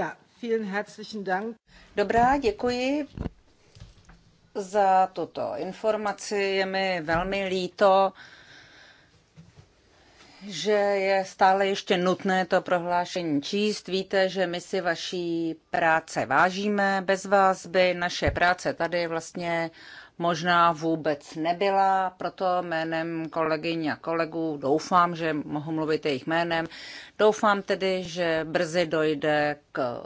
Ja, vielen herzlichen Dank. Dobrá, děkuji za tuto informaci. Je mi velmi líto, že je stále ještě nutné to prohlášení číst. Víte, že my si vaší práce vážíme. Bez vás by naše práce tady vlastně možná vůbec nebyla. Proto jménem kolegyň a kolegů doufám, že mohu mluvit jejich jménem. Doufám tedy, že brzy dojde k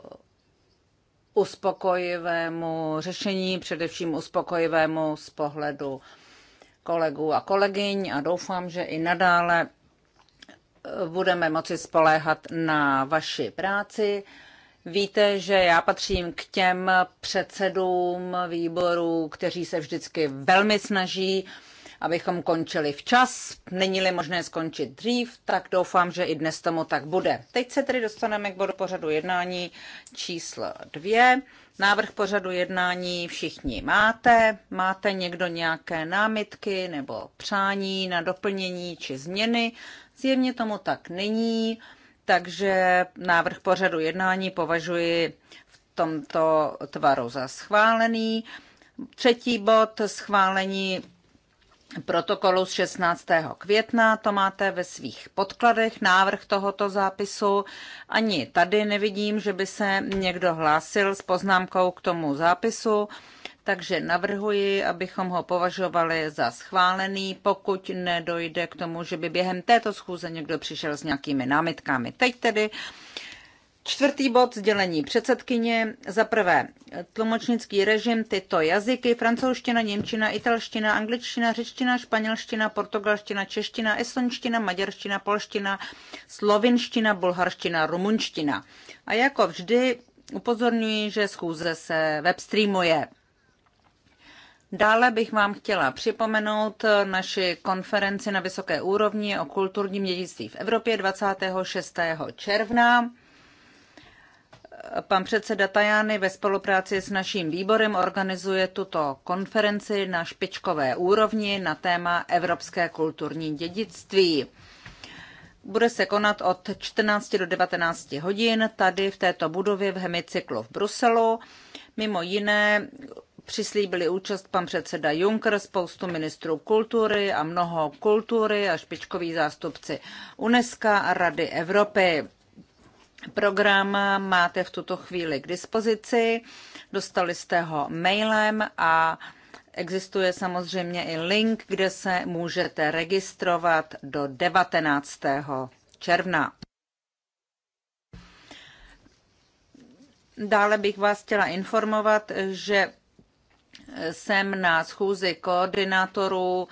uspokojivému řešení, především uspokojivému z pohledu kolegů a kolegyň a doufám, že i nadále budeme moci spoléhat na vaši práci. Víte, že já patřím k těm předsedům výborů, kteří se vždycky velmi snaží, abychom končili včas. Není-li možné skončit dřív, tak doufám, že i dnes tomu tak bude. Teď se tedy dostaneme k bodu pořadu jednání číslo dvě. Návrh pořadu jednání všichni máte. Máte někdo nějaké námitky nebo přání na doplnění či změny? Zjevně tomu tak není, takže návrh pořadu jednání považuji v tomto tvaru za schválený. Třetí bod schválení protokolu z 16. května, to máte ve svých podkladech, návrh tohoto zápisu. Ani tady nevidím, že by se někdo hlásil s poznámkou k tomu zápisu takže navrhuji, abychom ho považovali za schválený, pokud nedojde k tomu, že by během této schůze někdo přišel s nějakými námitkami. Teď tedy Čtvrtý bod sdělení předsedkyně. Za prvé, tlumočnický režim tyto jazyky, francouzština, němčina, italština, angličtina, řečtina, španělština, portugalština, čeština, estonština, maďarština, polština, slovinština, bulharština, rumunština. A jako vždy upozorňuji, že schůze se webstreamuje. Dále bych vám chtěla připomenout naši konferenci na vysoké úrovni o kulturním dědictví v Evropě 26. června. Pan předseda Tajány ve spolupráci s naším výborem organizuje tuto konferenci na špičkové úrovni na téma Evropské kulturní dědictví. Bude se konat od 14 do 19 hodin tady v této budově v hemicyklu v Bruselu. Mimo jiné Přislíbili účast pan předseda Juncker, spoustu ministrů kultury a mnoho kultury a špičkoví zástupci UNESCO a Rady Evropy. Program máte v tuto chvíli k dispozici, dostali jste ho mailem a existuje samozřejmě i link, kde se můžete registrovat do 19. června. Dále bych vás chtěla informovat, že jsem na schůzi koordinátorů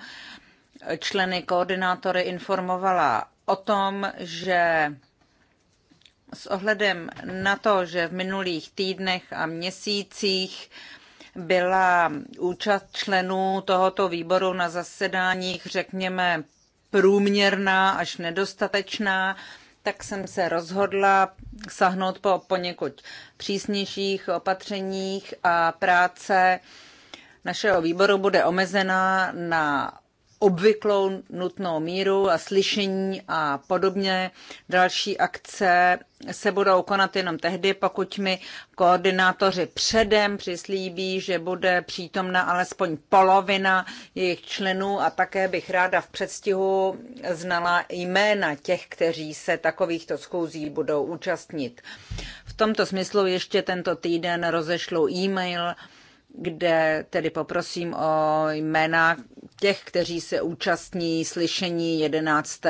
členy koordinátory informovala o tom, že s ohledem na to, že v minulých týdnech a měsících byla účast členů tohoto výboru na zasedáních, řekněme, průměrná až nedostatečná, tak jsem se rozhodla sahnout po poněkud přísnějších opatřeních a práce našeho výboru bude omezena na obvyklou nutnou míru a slyšení a podobně. Další akce se budou konat jenom tehdy, pokud mi koordinátoři předem přislíbí, že bude přítomna alespoň polovina jejich členů a také bych ráda v předstihu znala jména těch, kteří se takovýchto schůzí budou účastnit. V tomto smyslu ještě tento týden rozešlu e-mail kde tedy poprosím o jména těch, kteří se účastní slyšení 11.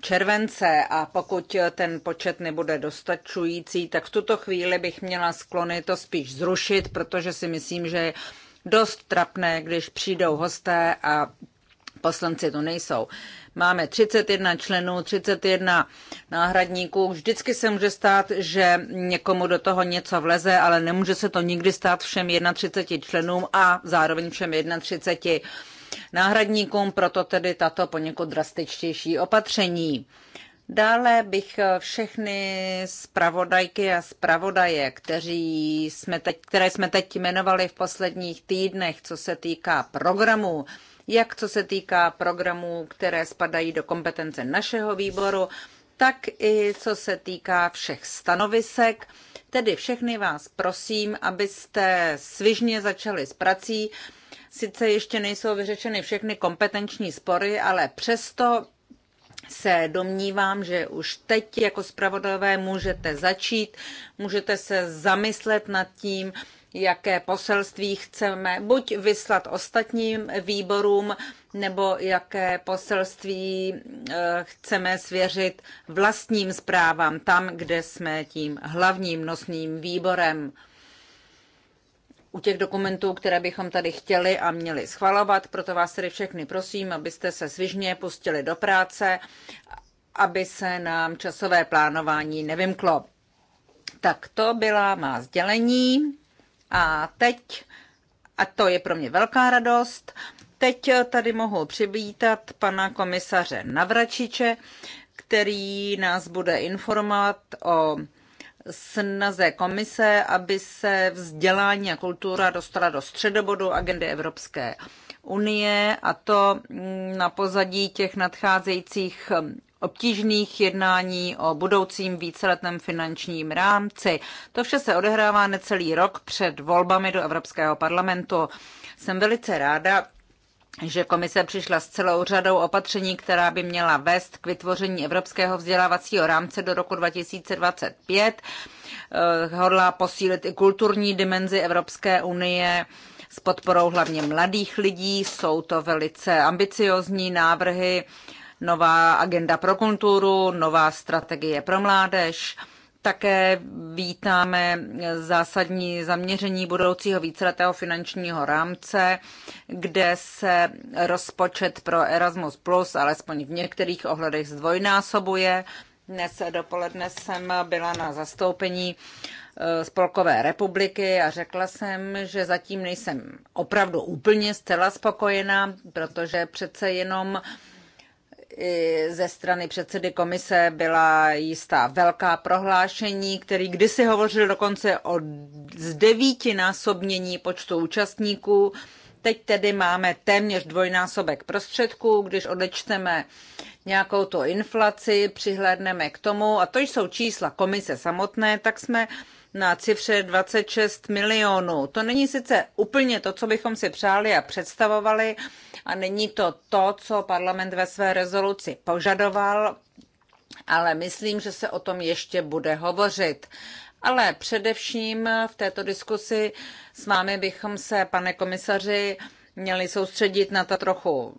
července a pokud ten počet nebude dostačující, tak v tuto chvíli bych měla sklony to spíš zrušit, protože si myslím, že je dost trapné, když přijdou hosté a poslanci to nejsou. Máme 31 členů, 31 náhradníků. Vždycky se může stát, že někomu do toho něco vleze, ale nemůže se to nikdy stát všem 31 členům a zároveň všem 31 náhradníkům, proto tedy tato poněkud drastičtější opatření. Dále bych eh, všechny zpravodajky a zpravodaje, kteří jsme teď, které jsme teď jmenovali v posledních týdnech, co se týká programu, jak co se týká programů, které spadají do kompetence našeho výboru, tak i co se týká všech stanovisek. Tedy všechny vás prosím, abyste svižně začali s prací. Sice ještě nejsou vyřešeny všechny kompetenční spory, ale přesto se domnívám, že už teď jako zpravodajové můžete začít, můžete se zamyslet nad tím, jaké poselství chceme buď vyslat ostatním výborům, nebo jaké poselství eh, chceme svěřit vlastním zprávám tam, kde jsme tím hlavním nosným výborem. U těch dokumentů, které bychom tady chtěli a měli schvalovat, proto vás tedy všechny prosím, abyste se svižně pustili do práce, aby se nám časové plánování nevymklo. Tak to byla má sdělení. A teď, a to je pro mě velká radost, teď tady mohu přivítat pana komisaře Navračiče, který nás bude informovat o snaze komise, aby se vzdělání a kultura dostala do středobodu agendy Evropské unie a to na pozadí těch nadcházejících obtížných jednání o budoucím víceletém finančním rámci. To vše se odehrává necelý rok před volbami do Evropského parlamentu. Jsem velice ráda, že komise přišla s celou řadou opatření, která by měla vést k vytvoření evropského vzdělávacího rámce do roku 2025. Eh, hodlá posílit i kulturní dimenzi Evropské unie s podporou hlavně mladých lidí. Jsou to velice ambiciozní návrhy, nová agenda pro kulturu, nová strategie pro mládež. Také vítáme zásadní zaměření budoucího víceletého finančního rámce, kde se rozpočet pro Erasmus Plus alespoň v některých ohledech zdvojnásobuje. Dnes dopoledne jsem byla na zastoupení eh, Spolkové republiky a řekla jsem, že zatím nejsem opravdu úplně zcela spokojená, protože přece jenom uh, i ze strany předsedy komise byla jistá velká prohlášení, který kdysi hovořil dokonce o zdevítinásobnění počtu účastníků. Teď tedy máme téměř dvojnásobek prostředků, když odečteme nějakou tu inflaci, přihlédneme k tomu, a to jsou čísla komise samotné, tak jsme na cifře 26 milionů. To není sice úplně to, co bychom si přáli a představovali, a není to to, co parlament ve své rezoluci požadoval, ale myslím, že se o tom ještě bude hovořit. Ale především v této diskusi s vámi bychom se, pane komisaři, měli soustředit na ta trochu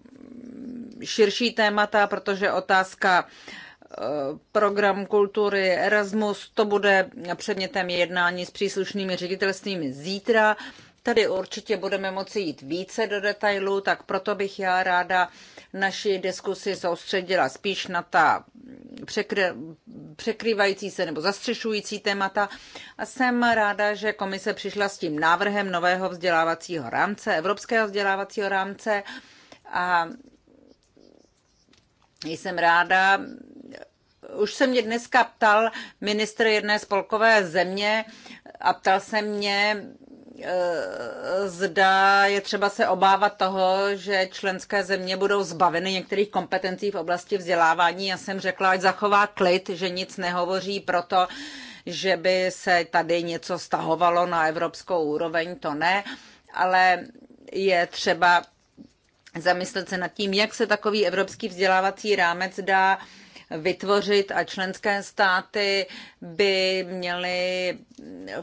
širší témata, protože otázka program kultury Erasmus, to bude předmětem jednání s příslušnými ředitelstvími zítra. Tady určitě budeme moci jít více do detailů, tak proto bych já ráda naši diskusi soustředila spíš na ta překrývající se nebo zastřešující témata. A jsem ráda, že komise přišla s tím návrhem nového vzdělávacího rámce, evropského vzdělávacího rámce. A jsem ráda, už se mě dneska ptal ministr jedné spolkové země a ptal se mě, eh, zda je třeba se obávat toho, že členské země budou zbaveny některých kompetencí v oblasti vzdělávání. Já jsem řekla, ať zachová klid, že nic nehovoří proto, že by se tady něco stahovalo na evropskou úroveň, to ne, ale je třeba zamyslet se nad tím, jak se takový evropský vzdělávací rámec dá vytvořit a členské státy by měly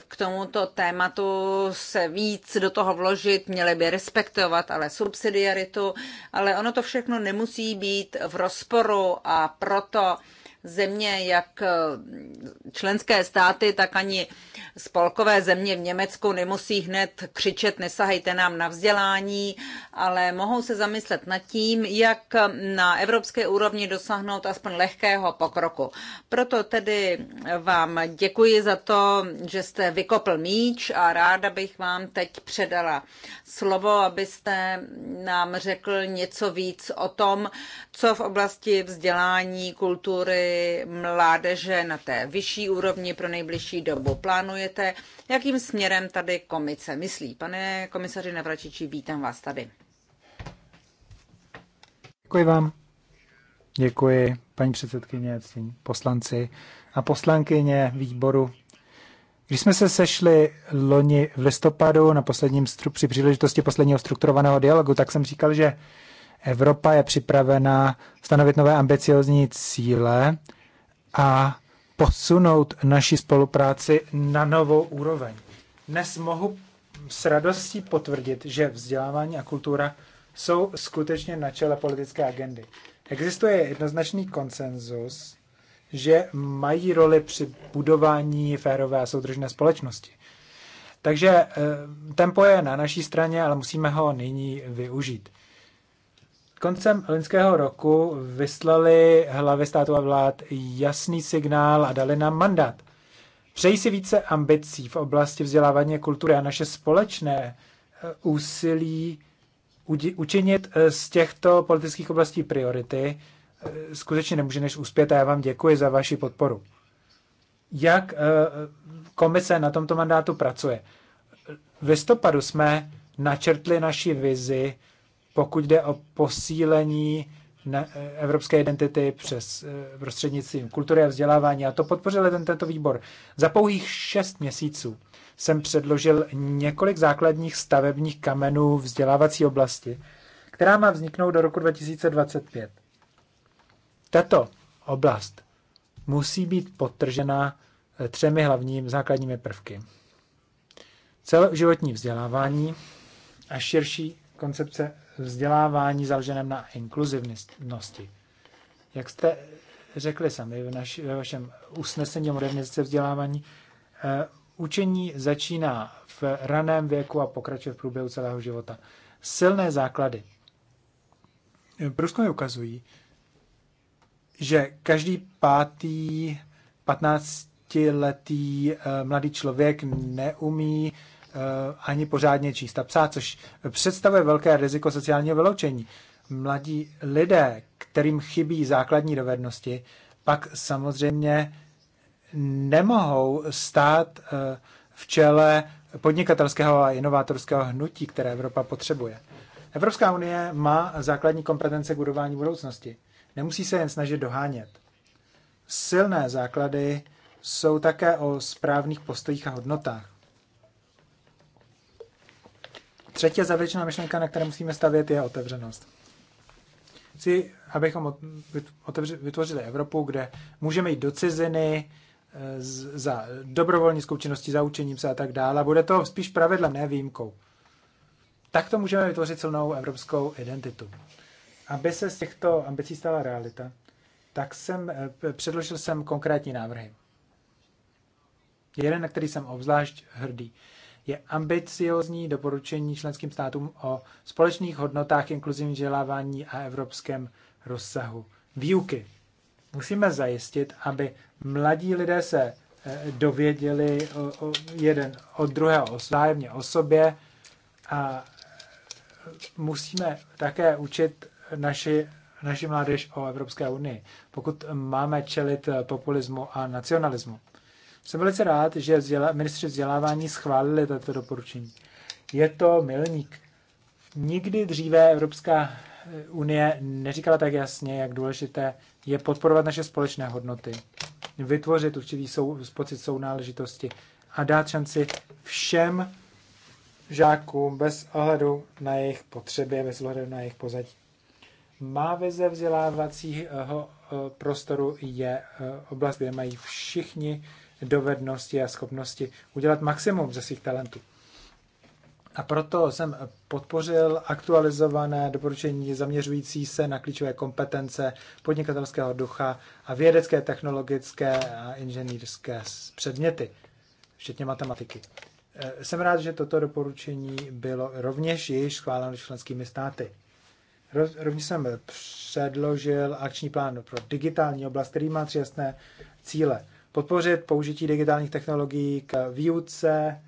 k tomuto tématu se víc do toho vložit, měly by respektovat ale subsidiaritu, ale ono to všechno nemusí být v rozporu a proto země, jak eh, členské státy, tak ani spolkové země v Německu nemusí hned křičet nesahejte nám na vzdělání, ale mohou se zamyslet nad tím, jak na evropské úrovni dosáhnout aspoň lehkého pokroku. Proto tedy vám děkuji za to, že jste vykopl míč a ráda bych vám teď předala slovo, abyste nám řekl něco víc o tom, co v oblasti vzdělání, kultury, mládeže na té vyšší úrovni pro nejbližší dobu plánujete? Jakým směrem tady komice myslí? Pane komisaři Navračiči, vítám vás tady. Děkuji vám. Děkuji, paní předsedkyně, poslanci a poslankyně výboru. Když jsme se sešli loni v listopadu na posledním stru, při příležitosti posledního strukturovaného dialogu, tak jsem říkal, že Evropa je připravena stanovit nové ambiciozní cíle a posunout naši spolupráci na novou úroveň. Dnes mohu s radostí potvrdit, že vzdělávání a kultura jsou skutečně na čele politické agendy. Existuje jednoznačný konsenzus, že mají roli při budování férové a soudržné společnosti. Takže eh, tempo je na naší straně, ale musíme ho nyní využít. Koncem loňského roku vyslali hlavy státu a vlád jasný signál a dali nám mandát. Přeji si více ambicí v oblasti vzdělávání kultury a naše společné eh, úsilí učinit eh, z těchto politických oblastí priority eh, skutečně nemůže než uspět a já vám děkuji za vaši podporu. Jak komise na tomto mandátu pracuje? V listopadu jsme načrtli naši vizi pokud jde o posílení na eh, evropské identity přes eh, prostřednictvím kultury a vzdělávání. A to podpořil ten, tento výbor. Za pouhých šest měsíců jsem předložil několik základních stavebních kamenů vzdělávací oblasti, která má vzniknout do roku 2025. Tato oblast musí být podtržena eh, třemi hlavními základními prvky. Celoživotní vzdělávání a širší koncepce vzdělávání založeném na inkluzivnosti. Jak jste řekli sami v naš, ve vašem usnesení o modernizace vzdělávání, eh, učení začíná v raném věku a pokračuje v průběhu celého života. Silné základy. Průzkumy ukazují, že každý pátý 15-letý eh, mladý člověk neumí Eh, ani pořádně číst a psát, což představuje velké riziko sociálního vyloučení. Mladí lidé, kterým chybí základní dovednosti, pak samozřejmě nemohou stát eh, v čele podnikatelského a inovátorského hnutí, které Evropa potřebuje. Evropská unie má základní kompetence k budování budoucnosti. Nemusí se jen snažit dohánět. Silné základy jsou také o správných postojích a hodnotách. Třetí závěrečná myšlenka, na které musíme stavět, je otevřenost. Chci, abychom vytvořili Evropu, kde můžeme jít do ciziny e, za dobrovolnickou činností, za učením se a tak dále. Bude to spíš pravidlem, ne výjimkou. Tak to můžeme vytvořit silnou evropskou identitu. Aby se z těchto ambicí stala realita, tak jsem, e, předložil jsem konkrétní návrhy. Jeden, na který jsem obzvlášť hrdý, je ambiciozní doporučení členským státům o společných hodnotách inkluzivní vzdělávání a evropském rozsahu výuky. Musíme zajistit, aby mladí lidé se eh, dověděli jeden od druhého vzájemně o sobě a eh, musíme také učit naši, naši mládež o Evropské unii, pokud máme čelit eh, populismu a nacionalismu. Jsem velice rád, že vzděla, ministři vzdělávání schválili tato doporučení. Je to milník. Nikdy dříve Evropská eh, unie neříkala tak jasně, jak důležité je podporovat naše společné hodnoty, vytvořit určitý sou, pocit sounáležitosti a dát šanci všem žákům bez ohledu na jejich potřeby, bez ohledu na jejich pozadí. Má vize vzdělávacího eh, prostoru je eh, oblast, kde mají všichni dovednosti a schopnosti udělat maximum ze svých talentů. A proto jsem podpořil aktualizované doporučení zaměřující se na klíčové kompetence podnikatelského ducha a vědecké, technologické a inženýrské předměty, včetně matematiky. Eh, jsem rád, že toto doporučení bylo rovněž již schváleno členskými státy. Rovněž jsem předložil akční plán pro digitální oblast, který má tři jasné cíle podpořit použití digitálních technologií k výuce,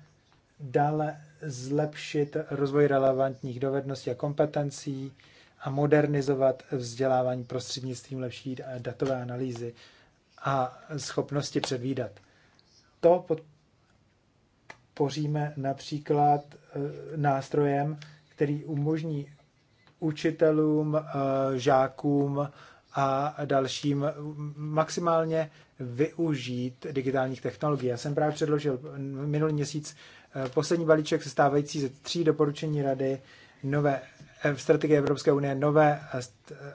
dále zlepšit rozvoj relevantních dovedností a kompetencí a modernizovat vzdělávání prostřednictvím lepší datové analýzy a schopnosti předvídat. To podpoříme například eh, nástrojem, který umožní učitelům, eh, žákům a dalším mm, maximálně využít digitálních technologií. Já jsem právě předložil minulý měsíc eh, poslední balíček sestávající ze tří doporučení rady, nové eh, strategie Evropské unie, nové eh,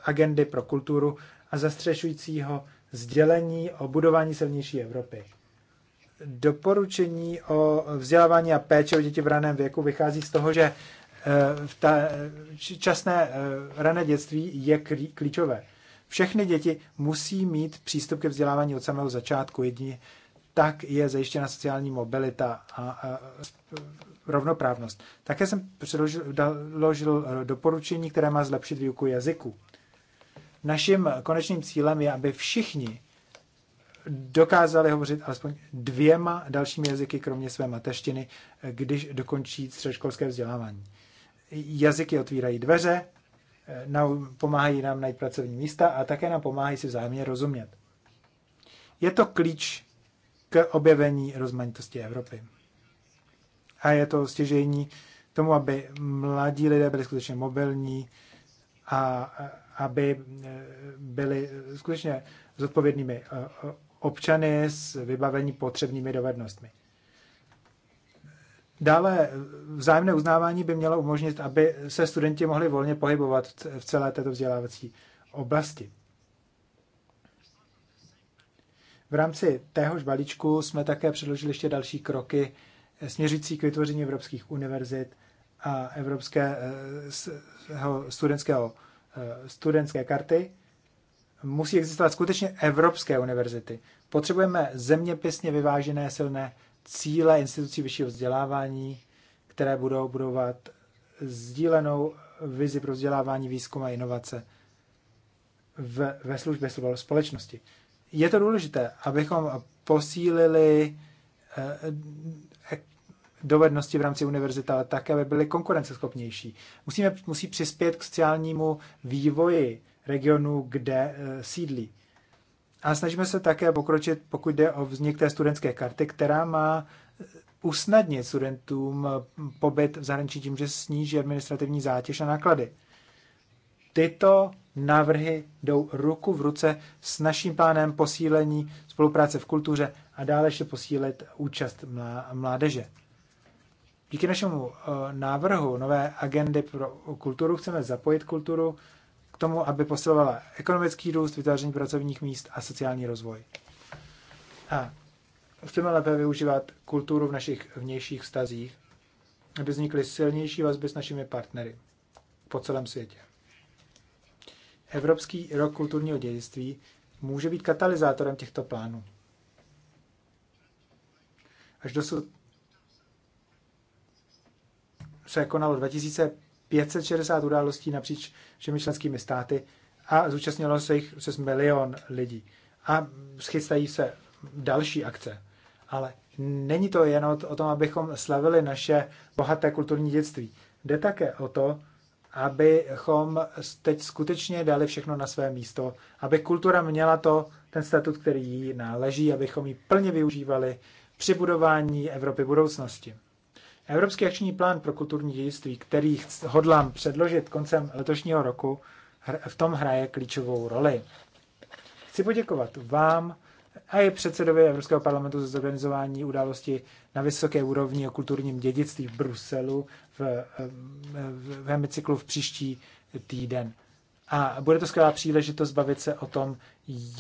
agendy pro kulturu a zastřešujícího sdělení o budování silnější Evropy. Doporučení o vzdělávání a péči o děti v raném věku vychází z toho, že ta časné rané dětství je klíčové. Všechny děti musí mít přístup ke vzdělávání od samého začátku. Jedině tak je zajištěna sociální mobilita a, a rovnoprávnost. Také jsem předložil eh, doporučení, které má zlepšit výuku jazyku. Naším konečným cílem je, aby všichni dokázali hovořit alespoň dvěma dalšími jazyky, kromě své mateštiny, eh, když dokončí středoškolské vzdělávání. Jazyky otvírají dveře, Eh, pomáhají nám najít pracovní místa a také nám pomáhají si vzájemně rozumět. Je to klíč k objevení rozmanitosti Evropy. A je to stěžení tomu, aby mladí lidé byli skutečně mobilní a eh, aby eh, byli skutečně zodpovědnými občany s vybavení potřebnými dovednostmi. Dále vzájemné uznávání by mělo umožnit, aby se studenti mohli volně pohybovat v celé této vzdělávací oblasti. V rámci téhož balíčku jsme také předložili ještě další kroky eh, směřící k vytvoření evropských univerzit a evropského eh, studentského, eh, studentské karty. Musí existovat skutečně evropské univerzity. Potřebujeme zeměpisně vyvážené silné cíle institucí vyššího vzdělávání, které budou budovat sdílenou vizi pro vzdělávání, výzkum a inovace v, ve službě společnosti. Je to důležité, abychom posílili eh, eh, dovednosti v rámci univerzity, ale také, aby byly konkurenceschopnější. Musíme, musí přispět k sociálnímu vývoji regionu, kde eh, sídlí. A snažíme se také pokročit, pokud jde o vznik té studentské karty, která má usnadnit studentům pobyt v zahraničí tím, že sníží administrativní zátěž a náklady. Tyto návrhy jdou ruku v ruce s naším plánem posílení spolupráce v kultuře a dále ještě posílit účast mládeže. Díky našemu eh, návrhu nové agendy pro kulturu chceme zapojit kulturu k tomu, aby posilovala ekonomický růst, vytváření pracovních míst a sociální rozvoj. A chceme lépe využívat kulturu v našich vnějších vztazích, aby vznikly silnější vazby s našimi partnery po celém světě. Evropský rok kulturního dědictví může být katalyzátorem těchto plánů. Až dosud se konalo 2000 560 událostí napříč všemi členskými státy a zúčastnilo se jich přes milion lidí. A schystají se další akce. Ale není to jen o tom, abychom slavili naše bohaté kulturní dětství. Jde také o to, abychom teď skutečně dali všechno na své místo, aby kultura měla to, ten statut, který jí náleží, abychom ji plně využívali při budování Evropy budoucnosti. Evropský akční plán pro kulturní dědictví, který hodlám předložit koncem letošního roku, v tom hraje klíčovou roli. Chci poděkovat vám a je předsedovi Evropského parlamentu za zorganizování události na vysoké úrovni o kulturním dědictví v Bruselu v, v, v hemicyklu v příští týden. A bude to skvělá příležitost bavit se o tom,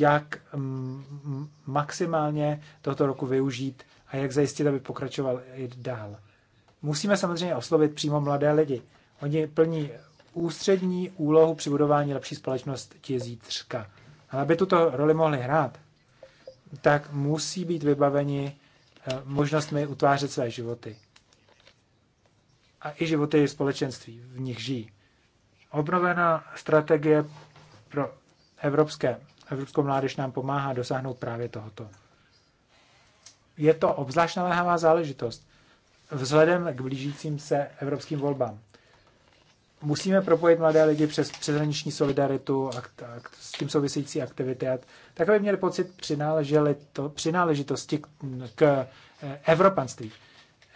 jak maximálně tohoto roku využít a jak zajistit, aby pokračoval i dál musíme samozřejmě oslovit přímo mladé lidi. Oni plní ústřední úlohu při budování lepší společnosti zítřka. Ale aby tuto roli mohli hrát, tak musí být vybaveni eh, možnostmi utvářet své životy. A i životy společenství, v nich žijí. Obnovená strategie pro evropské, evropskou mládež nám pomáhá dosáhnout právě tohoto. Je to obzvlášť naléhavá záležitost vzhledem k blížícím se evropským volbám. Musíme propojit mladé lidi přes přeshraniční solidaritu a s tím související aktivity, tak aby měli pocit přináležito, přináležitosti k, k eh, evropanství.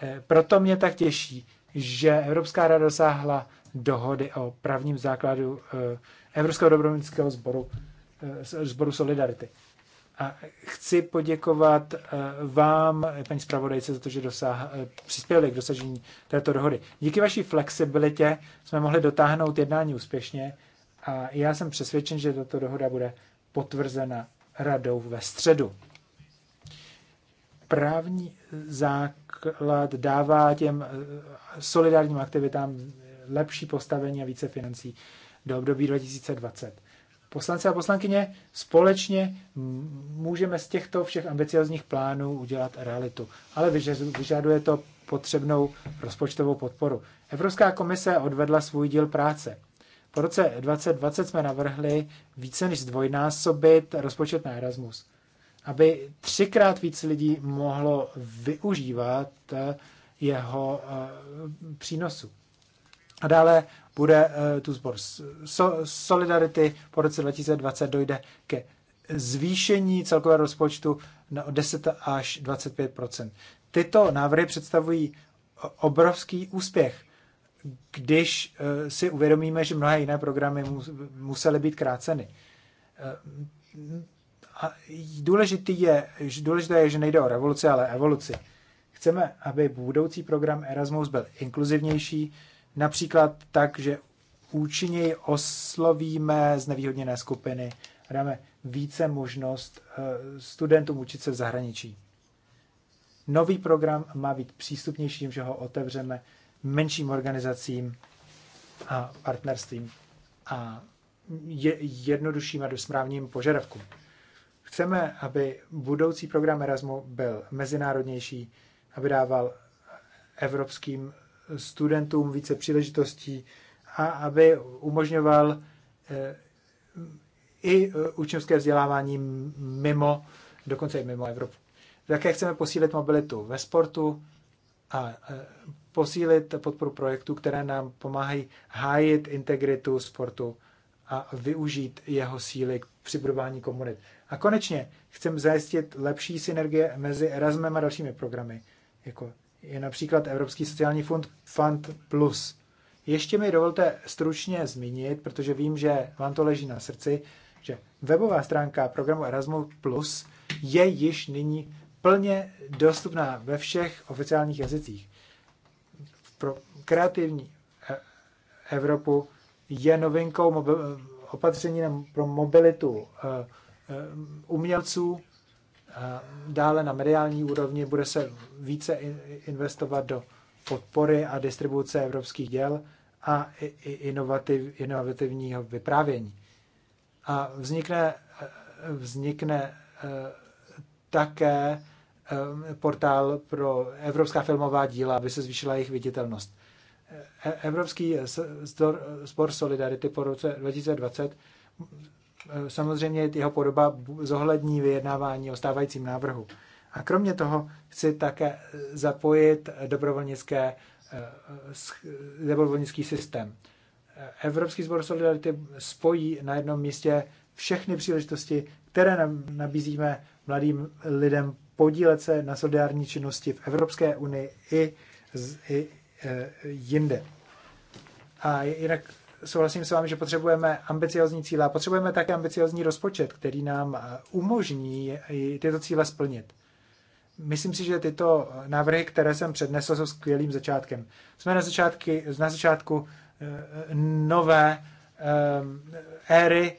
Eh, proto mě tak těší, že Evropská rada dosáhla dohody o právním základu eh, Evropského dobrovolnického sboru, sboru Solidarity. A chci poděkovat eh, vám, paní zpravodajce, za to, že dosáh, eh, přispěli k dosažení této dohody. Díky vaší flexibilitě jsme mohli dotáhnout jednání úspěšně a já jsem přesvědčen, že tato dohoda bude potvrzena radou ve středu. Právní základ dává těm eh, solidárním aktivitám lepší postavení a více financí do období 2020 poslanci a poslankyně, společně můžeme z těchto všech ambiciozních plánů udělat realitu. Ale vyžaduje to potřebnou rozpočtovou podporu. Evropská komise odvedla svůj díl práce. Po roce 2020 jsme navrhli více než zdvojnásobit rozpočet na Erasmus, aby třikrát víc lidí mohlo využívat eh, jeho eh, přínosu. A dále bude eh, tu sbor Solidarity. Po roce 2020 dojde ke zvýšení celkového rozpočtu na 10 až 25 Tyto návrhy představují obrovský úspěch, když eh, si uvědomíme, že mnohé jiné programy musely být kráceny. Eh, a důležitý je, důležité je, že nejde o revoluci, ale evoluci. Chceme, aby budoucí program Erasmus byl inkluzivnější, Například tak, že účinněji oslovíme znevýhodněné skupiny a dáme více možnost eh, studentům učit se v zahraničí. Nový program má být přístupnější že ho otevřeme menším organizacím a partnerstvím a je, jednodušším a správným požadavkům. Chceme, aby budoucí program Erasmu byl mezinárodnější, aby dával evropským studentům více příležitostí a aby umožňoval eh, i eh, učňovské vzdělávání mimo, dokonce i mimo Evropu. Také chceme posílit mobilitu ve sportu a eh, posílit podporu projektů, které nám pomáhají hájit integritu sportu a využít jeho síly k přibudování komunit. A konečně chceme zajistit lepší synergie mezi Erasmem a dalšími programy, jako je například Evropský sociální fond Fund Plus. Ještě mi dovolte stručně zmínit, protože vím, že vám to leží na srdci, že webová stránka programu Erasmus Plus je již nyní plně dostupná ve všech oficiálních jazycích. Pro kreativní e- Evropu je novinkou opatření pro mobilitu e- e- umělců Eh, dále na mediální úrovni bude se více investovat do podpory a distribuce evropských děl a inovativ, inovativního vyprávění. A vznikne, eh, vznikne eh, také portál pro evropská filmová díla, aby se zvýšila jejich viditelnost. E, Evropský spor Solidarity po roce 2020 Eh, samozřejmě jeho podoba zohlední vyjednávání o stávajícím návrhu. A kromě toho chci také eh, zapojit eh, dobrovolnické, dobrovolnický systém. Evropský sbor Solidarity spojí na jednom místě všechny příležitosti, které nabízíme mladým lidem podílet se na solidární činnosti v Evropské unii i, z, i e, jinde. A jinak souhlasím s vámi, že potřebujeme ambiciozní cíle a potřebujeme také ambiciozní rozpočet, který nám eh, umožní eh, tyto cíle splnit. Myslím si, že tyto eh, návrhy, které jsem přednesl, jsou skvělým začátkem. Jsme na, začátky, na začátku nové éry,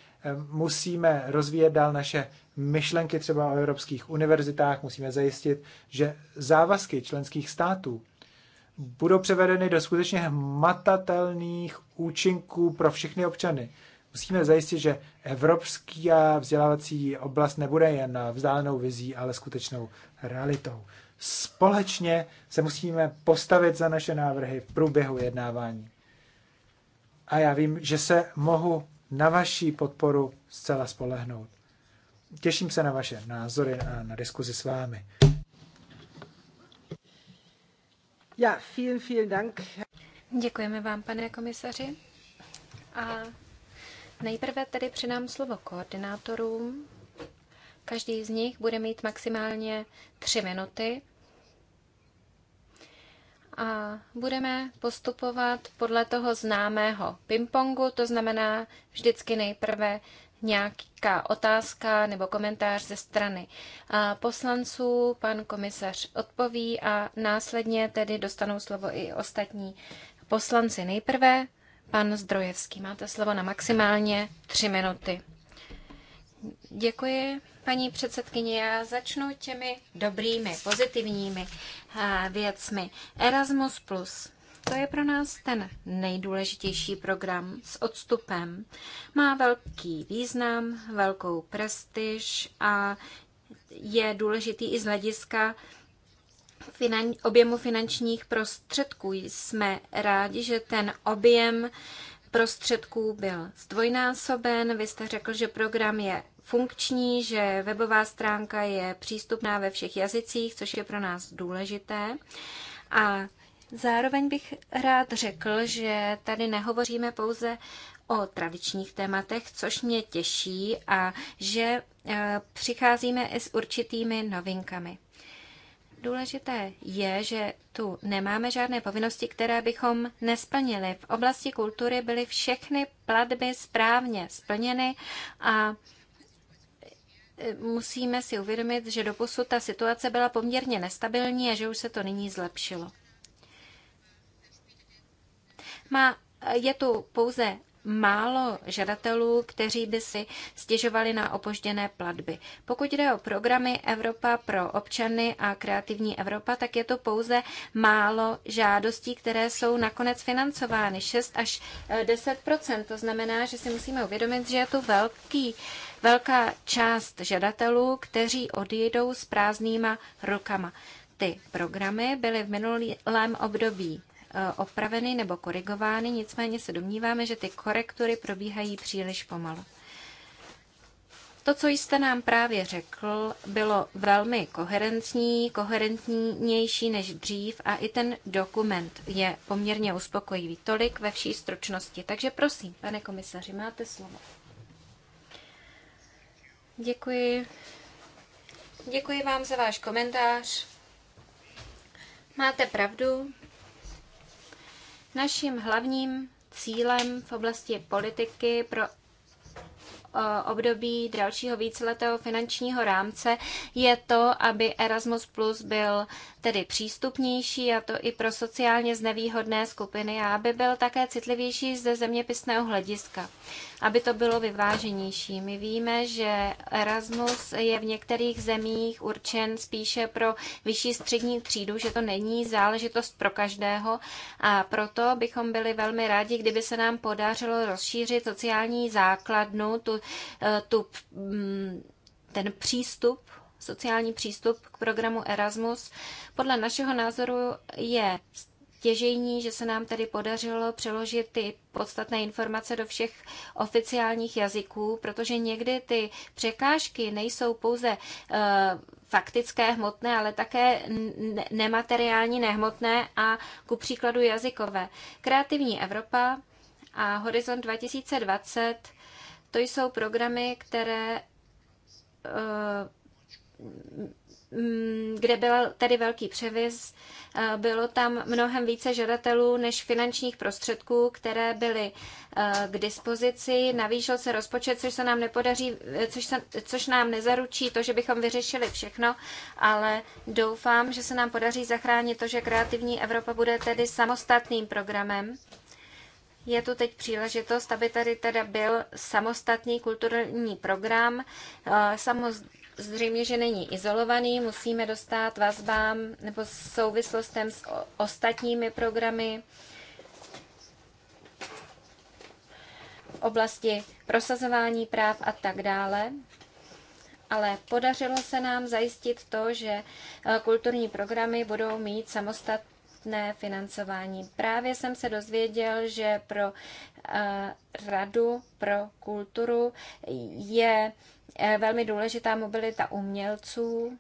musíme rozvíjet dál naše myšlenky třeba o evropských univerzitách, musíme zajistit, že závazky členských států budou převedeny do skutečně hmatatelných účinků pro všechny občany. Musíme zajistit, že evropská vzdělávací oblast nebude jen vzdálenou vizí, ale skutečnou realitou. Společně se musíme postavit za naše návrhy v průběhu jednávání. A já vím, že se mohu na vaší podporu zcela spolehnout. Těším se na vaše názory a na diskuzi s vámi. Ja, vielen, vielen Dank. Děkujeme vám, pane komisaři. A nejprve tedy přinám slovo koordinátorům. Každý z nich bude mít maximálně tři minuty a budeme postupovat podle toho známého pingpongu, to znamená vždycky nejprve nějaká otázka nebo komentář ze strany poslanců, pan komisař odpoví a následně tedy dostanou slovo i ostatní poslanci. Nejprve pan Zdrojevský. Máte slovo na maximálně tři minuty. Děkuji, paní předsedkyně. Já začnu těmi dobrými, pozitivními věcmi. Erasmus+. Plus. To je pro nás ten nejdůležitější program s odstupem. Má velký význam, velkou prestiž a je důležitý i z hlediska finan- objemu finančních prostředků. Jsme rádi, že ten objem prostředků byl zdvojnásoben. Vy jste řekl, že program je funkční, že webová stránka je přístupná ve všech jazycích, což je pro nás důležité. A Zároveň bych rád řekl, že tady nehovoříme pouze o tradičních tématech, což mě těší, a že e, přicházíme i s určitými novinkami. Důležité je, že tu nemáme žádné povinnosti, které bychom nesplnili. V oblasti kultury byly všechny platby správně splněny a e, musíme si uvědomit, že doposud ta situace byla poměrně nestabilní a že už se to nyní zlepšilo. Má, je tu pouze málo žadatelů, kteří by si stěžovali na opožděné platby. Pokud jde o programy Evropa pro občany a Kreativní Evropa, tak je to pouze málo žádostí, které jsou nakonec financovány 6 až 10 eh, To znamená, že si musíme uvědomit, že je to velký, velká část žadatelů, kteří odjedou s prázdnýma rukama. Ty programy byly v minulém období Eh, opraveny nebo korigovány, nicméně se domníváme, že ty korektury probíhají příliš pomalu. To, co jste nám právě řekl, bylo velmi koherentní, koherentnější než dřív a i ten dokument je poměrně uspokojivý. Tolik ve vší stručnosti. Takže prosím, pane komisaři, máte slovo. Děkuji. Děkuji vám za váš komentář. Máte pravdu, Naším hlavním cílem v oblasti politiky pro období dalšího víceletého finančního rámce je to, aby Erasmus Plus byl tedy přístupnější a to i pro sociálně znevýhodné skupiny a aby byl také citlivější ze zeměpisného hlediska aby to bylo vyváženější. My víme, že Erasmus je v některých zemích určen spíše pro vyšší střední třídu, že to není záležitost pro každého a proto bychom byli velmi rádi, kdyby se nám podařilo rozšířit sociální základnu, tu, eh, tu, mm, ten přístup sociální přístup k programu Erasmus. Podle našeho názoru je stěžejní, že se nám tady podařilo přeložit ty podstatné informace do všech oficiálních jazyků, protože někdy ty překážky nejsou pouze eh, faktické, hmotné, ale také nemateriální, nehmotné a ku příkladu jazykové. Kreativní Evropa a Horizont 2020 to jsou programy, které eh, Mm, kde byl tedy velký převis, eh, bylo tam mnohem více žadatelů než finančních prostředků, které byly eh, k dispozici. Navýšil se rozpočet, což se nám nepodaří, eh, což, se, což nám nezaručí to, že bychom vyřešili všechno, ale doufám, že se nám podaří zachránit to, že Kreativní Evropa bude tedy samostatným programem. Je tu teď příležitost, aby tady teda byl samostatný kulturní program. Samozřejmě zřejmě, že není izolovaný, musíme dostat vazbám nebo souvislostem s ostatními programy v oblasti prosazování práv a tak dále. Ale podařilo se nám zajistit to, že eh, kulturní programy budou mít samostatné financování. Právě jsem se dozvěděl, že pro eh, Radu pro kulturu je Eh, velmi důležitá mobilita umělců.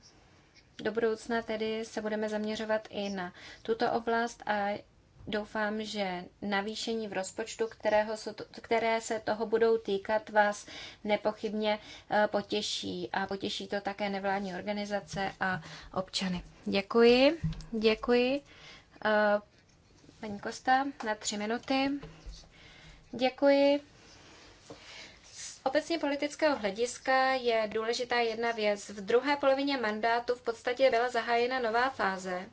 Do budoucna tedy se budeme zaměřovat i na tuto oblast a doufám, že navýšení v rozpočtu, kterého se které se toho budou týkat, vás nepochybně eh, potěší a potěší to také nevládní organizace a občany. Děkuji, děkuji. Eh, paní Kosta, na tři minuty. Děkuji obecně politického hlediska je důležitá jedna věc. V druhé polovině mandátu v podstatě byla zahájena nová fáze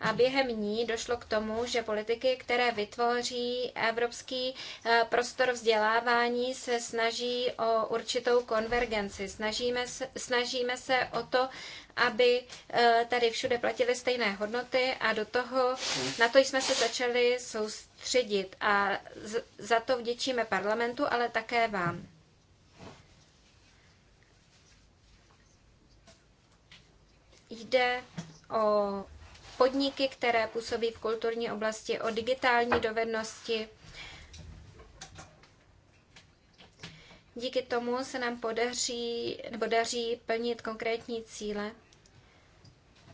a během ní došlo k tomu, že politiky, které vytvoří evropský eh, prostor vzdělávání, se snaží o určitou konvergenci. Snažíme se, snažíme se o to, aby eh, tady všude platily stejné hodnoty a do toho, na to jsme se začali soustředit a za to vděčíme parlamentu, ale také vám. Jde o podniky, které působí v kulturní oblasti, o digitální dovednosti. Díky tomu se nám podaří, nebo daří plnit konkrétní cíle.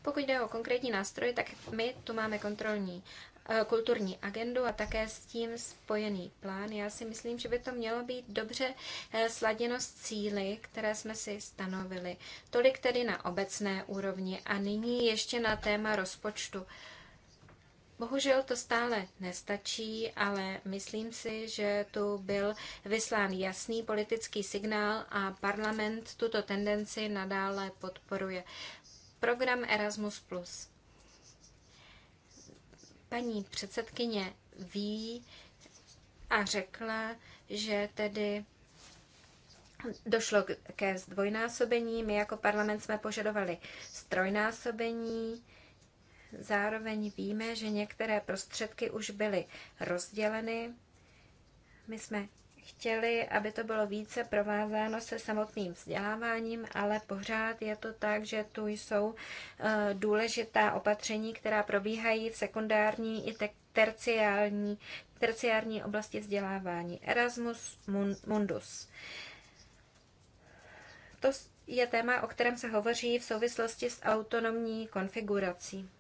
Pokud jde o konkrétní nástroje, tak my tu máme kontrolní Eh, kulturní agendu a také s tím spojený plán. Já si myslím, že by to mělo být dobře eh, sladěno s cíly, které jsme si stanovili. Tolik tedy na obecné úrovni a nyní ještě na téma rozpočtu. Bohužel to stále nestačí, ale myslím si, že tu byl vyslán jasný politický signál a parlament tuto tendenci nadále podporuje. Program Erasmus paní předsedkyně ví a řekla, že tedy došlo ke zdvojnásobení. My jako parlament jsme požadovali strojnásobení. Zároveň víme, že některé prostředky už byly rozděleny. My jsme chtěli, aby to bylo více provázáno se samotným vzděláváním, ale pořád je to tak, že tu jsou eh, důležitá opatření, která probíhají v sekundární i terciální, terciární oblasti vzdělávání. Erasmus Mundus. To je téma, o kterém se hovoří v souvislosti s autonomní konfigurací.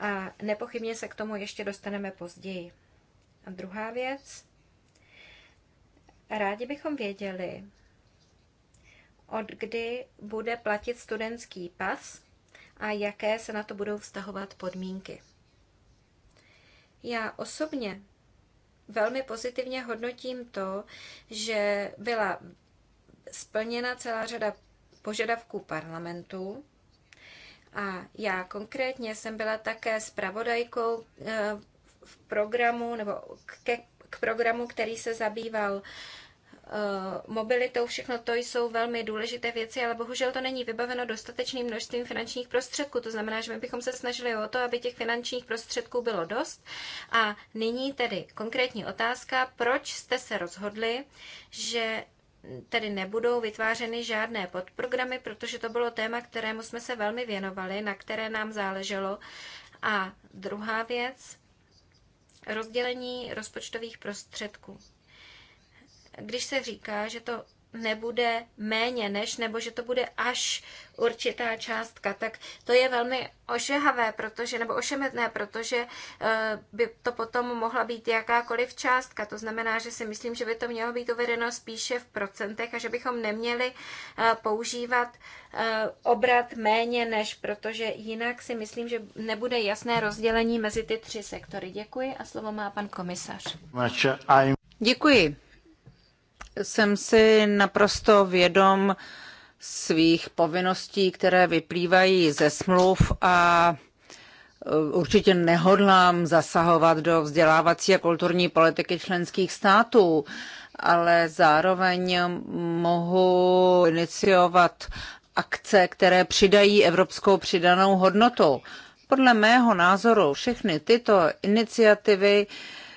A nepochybně se k tomu ještě dostaneme později. A druhá věc, Rádi bychom věděli, od kdy bude platit studentský pas a jaké se na to budou vztahovat podmínky. Já osobně velmi pozitivně hodnotím to, že byla splněna celá řada požadavků parlamentu. A já konkrétně jsem byla také zpravodajkou eh, v programu nebo ke k programu, který se zabýval uh, mobilitou, všechno to jsou velmi důležité věci, ale bohužel to není vybaveno dostatečným množstvím finančních prostředků. To znamená, že my bychom se snažili o to, aby těch finančních prostředků bylo dost. A nyní tedy konkrétní otázka, proč jste se rozhodli, že tedy nebudou vytvářeny žádné podprogramy, protože to bylo téma, kterému jsme se velmi věnovali, na které nám záleželo. A druhá věc, rozdělení rozpočtových prostředků. Když se říká, že to nebude méně než, nebo že to bude až určitá částka, tak to je velmi ošehavé, protože, nebo ošemetné, protože eh, by to potom mohla být jakákoliv částka. To znamená, že si myslím, že by to mělo být uvedeno spíše v procentech a že bychom neměli eh, používat eh, obrat méně než, protože jinak si myslím, že nebude jasné rozdělení mezi ty tři sektory. Děkuji a slovo má pan komisař. Děkuji. Jsem si naprosto vědom svých povinností, které vyplývají ze smluv a e, určitě nehodlám zasahovat do vzdělávací a kulturní politiky členských států, ale zároveň mohu iniciovat akce, které přidají evropskou přidanou hodnotu. Podle mého názoru všechny tyto iniciativy uh,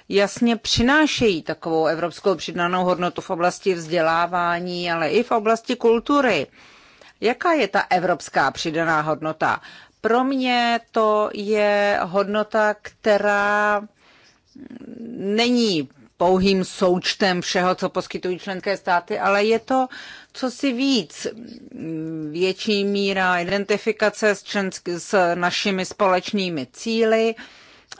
jasně přinášejí takovou evropskou přidanou hodnotu v oblasti vzdělávání, ale i v oblasti kultury. Jaká je ta evropská přidaná hodnota? Pro mě to je hodnota, která není pouhým součtem všeho, co poskytují členské státy, ale je to co si víc. Větší míra identifikace s, člensk- s našimi společnými cíly,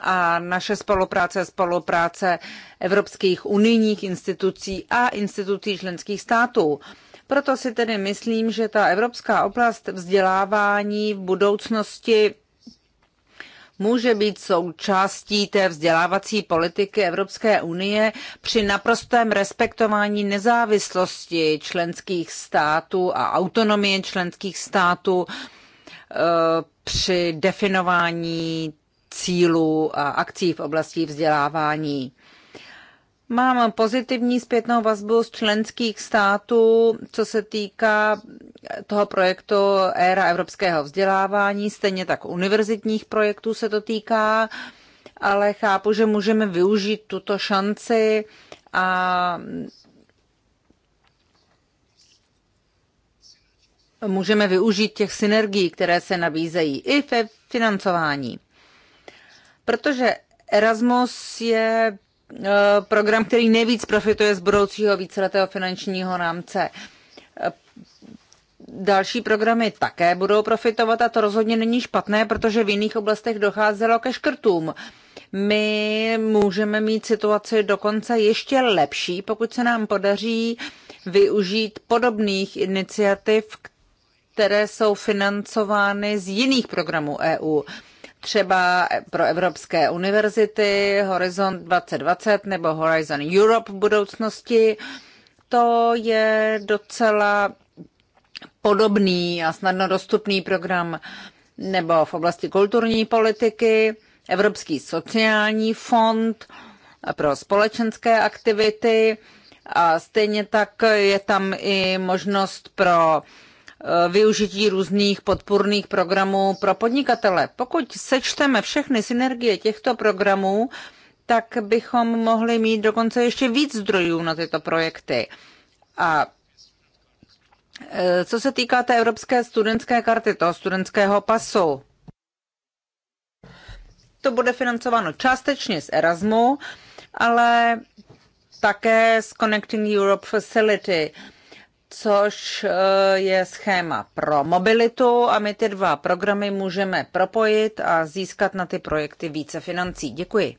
a naše spolupráce, spolupráce evropských unijních institucí a institucí členských států. Proto si tedy myslím, že ta evropská oblast vzdělávání v budoucnosti může být součástí té vzdělávací politiky Evropské unie při naprostém respektování nezávislosti členských států a autonomie členských států eh, při definování cílů a akcí v oblasti vzdělávání. Mám pozitivní zpětnou vazbu z členských států, co se týká toho projektu Éra evropského vzdělávání, stejně tak univerzitních projektů se to týká, ale chápu, že můžeme využít tuto šanci a můžeme využít těch synergií, které se nabízejí i ve financování protože Erasmus je e, program, který nejvíc profituje z budoucího víceletého finančního rámce. E, další programy také budou profitovat a to rozhodně není špatné, protože v jiných oblastech docházelo ke škrtům. My můžeme mít situaci dokonce ještě lepší, pokud se nám podaří využít podobných iniciativ, které jsou financovány z jiných programů EU třeba pro evropské univerzity, Horizon 2020 nebo Horizon Europe v budoucnosti. To je docela podobný a snadno dostupný program nebo v oblasti kulturní politiky, Evropský sociální fond pro společenské aktivity a stejně tak je tam i možnost pro Eh, využití různých podpůrných programů pro podnikatele. Pokud sečteme všechny synergie těchto programů, tak bychom mohli mít dokonce ještě víc zdrojů na tyto projekty. A eh, co se týká té evropské studentské karty, toho studentského pasu, to bude financováno částečně z Erasmu, ale také z Connecting Europe Facility. Uh, což eh, je schéma pro mobilitu a my ty dva programy můžeme propojit a získat na ty projekty více financí. Děkuji.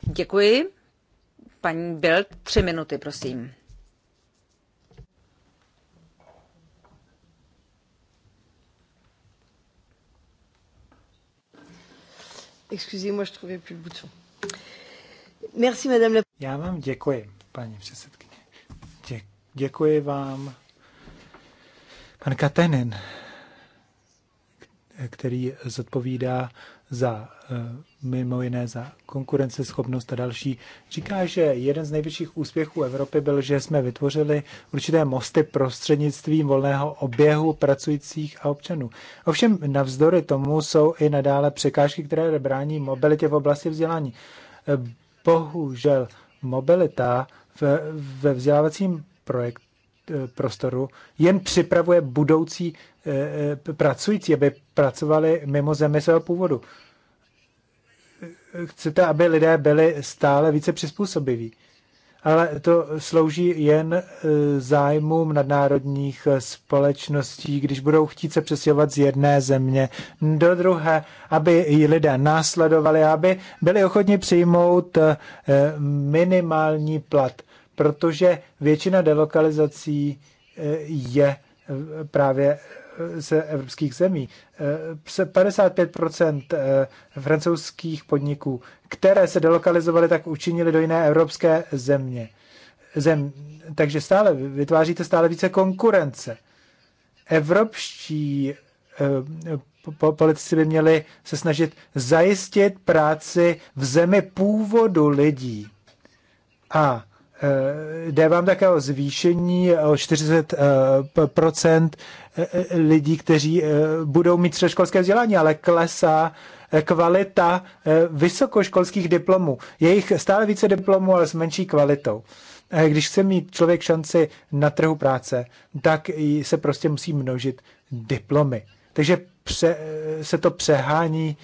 Děkuji. Paní byl tři minuty, prosím. Excusez-moi, je trouvais plus le bouton. Merci, madame la... Já vám děkuji, paní předsedkyně. Děkuji vám. Pan Katenin, který zodpovídá za eh, mimo jiné za konkurenceschopnost a další, říká, že jeden z největších úspěchů Evropy byl, že jsme vytvořili určité mosty prostřednictvím volného oběhu pracujících a občanů. Ovšem navzdory tomu jsou i nadále překážky, které brání mobilitě v oblasti vzdělání. Eh, bohužel mobilita ve vzdělávacím projekt, eh, prostoru jen připravuje budoucí eh, eh, pracující, aby pracovali mimo zemi svého původu. Chcete, aby lidé byli stále více přizpůsobiví. Ale to slouží jen zájmům nadnárodních společností, když budou chtít se přesilovat z jedné země do druhé, aby ji lidé následovali, aby byli ochotni přijmout minimální plat protože většina delokalizací eh, je eh, právě eh, z evropských zemí. 55% francouzských podniků, které se delokalizovaly, tak učinili do jiné evropské země. Zem. Takže stále vytváříte stále více konkurence. Evropští politici by měli se snažit zajistit práci v zemi původu lidí. A Eh, jde vám také o zvýšení o 40 eh, eh, lidí, kteří budou mít středoškolské vzdělání, ale klesá kvalita vysokoškolských diplomů. Je jich stále více diplomů, ale s menší kvalitou. Když chce mít člověk šanci na trhu práce, tak se prostě musí množit diplomy. Takže pře, se to přehání,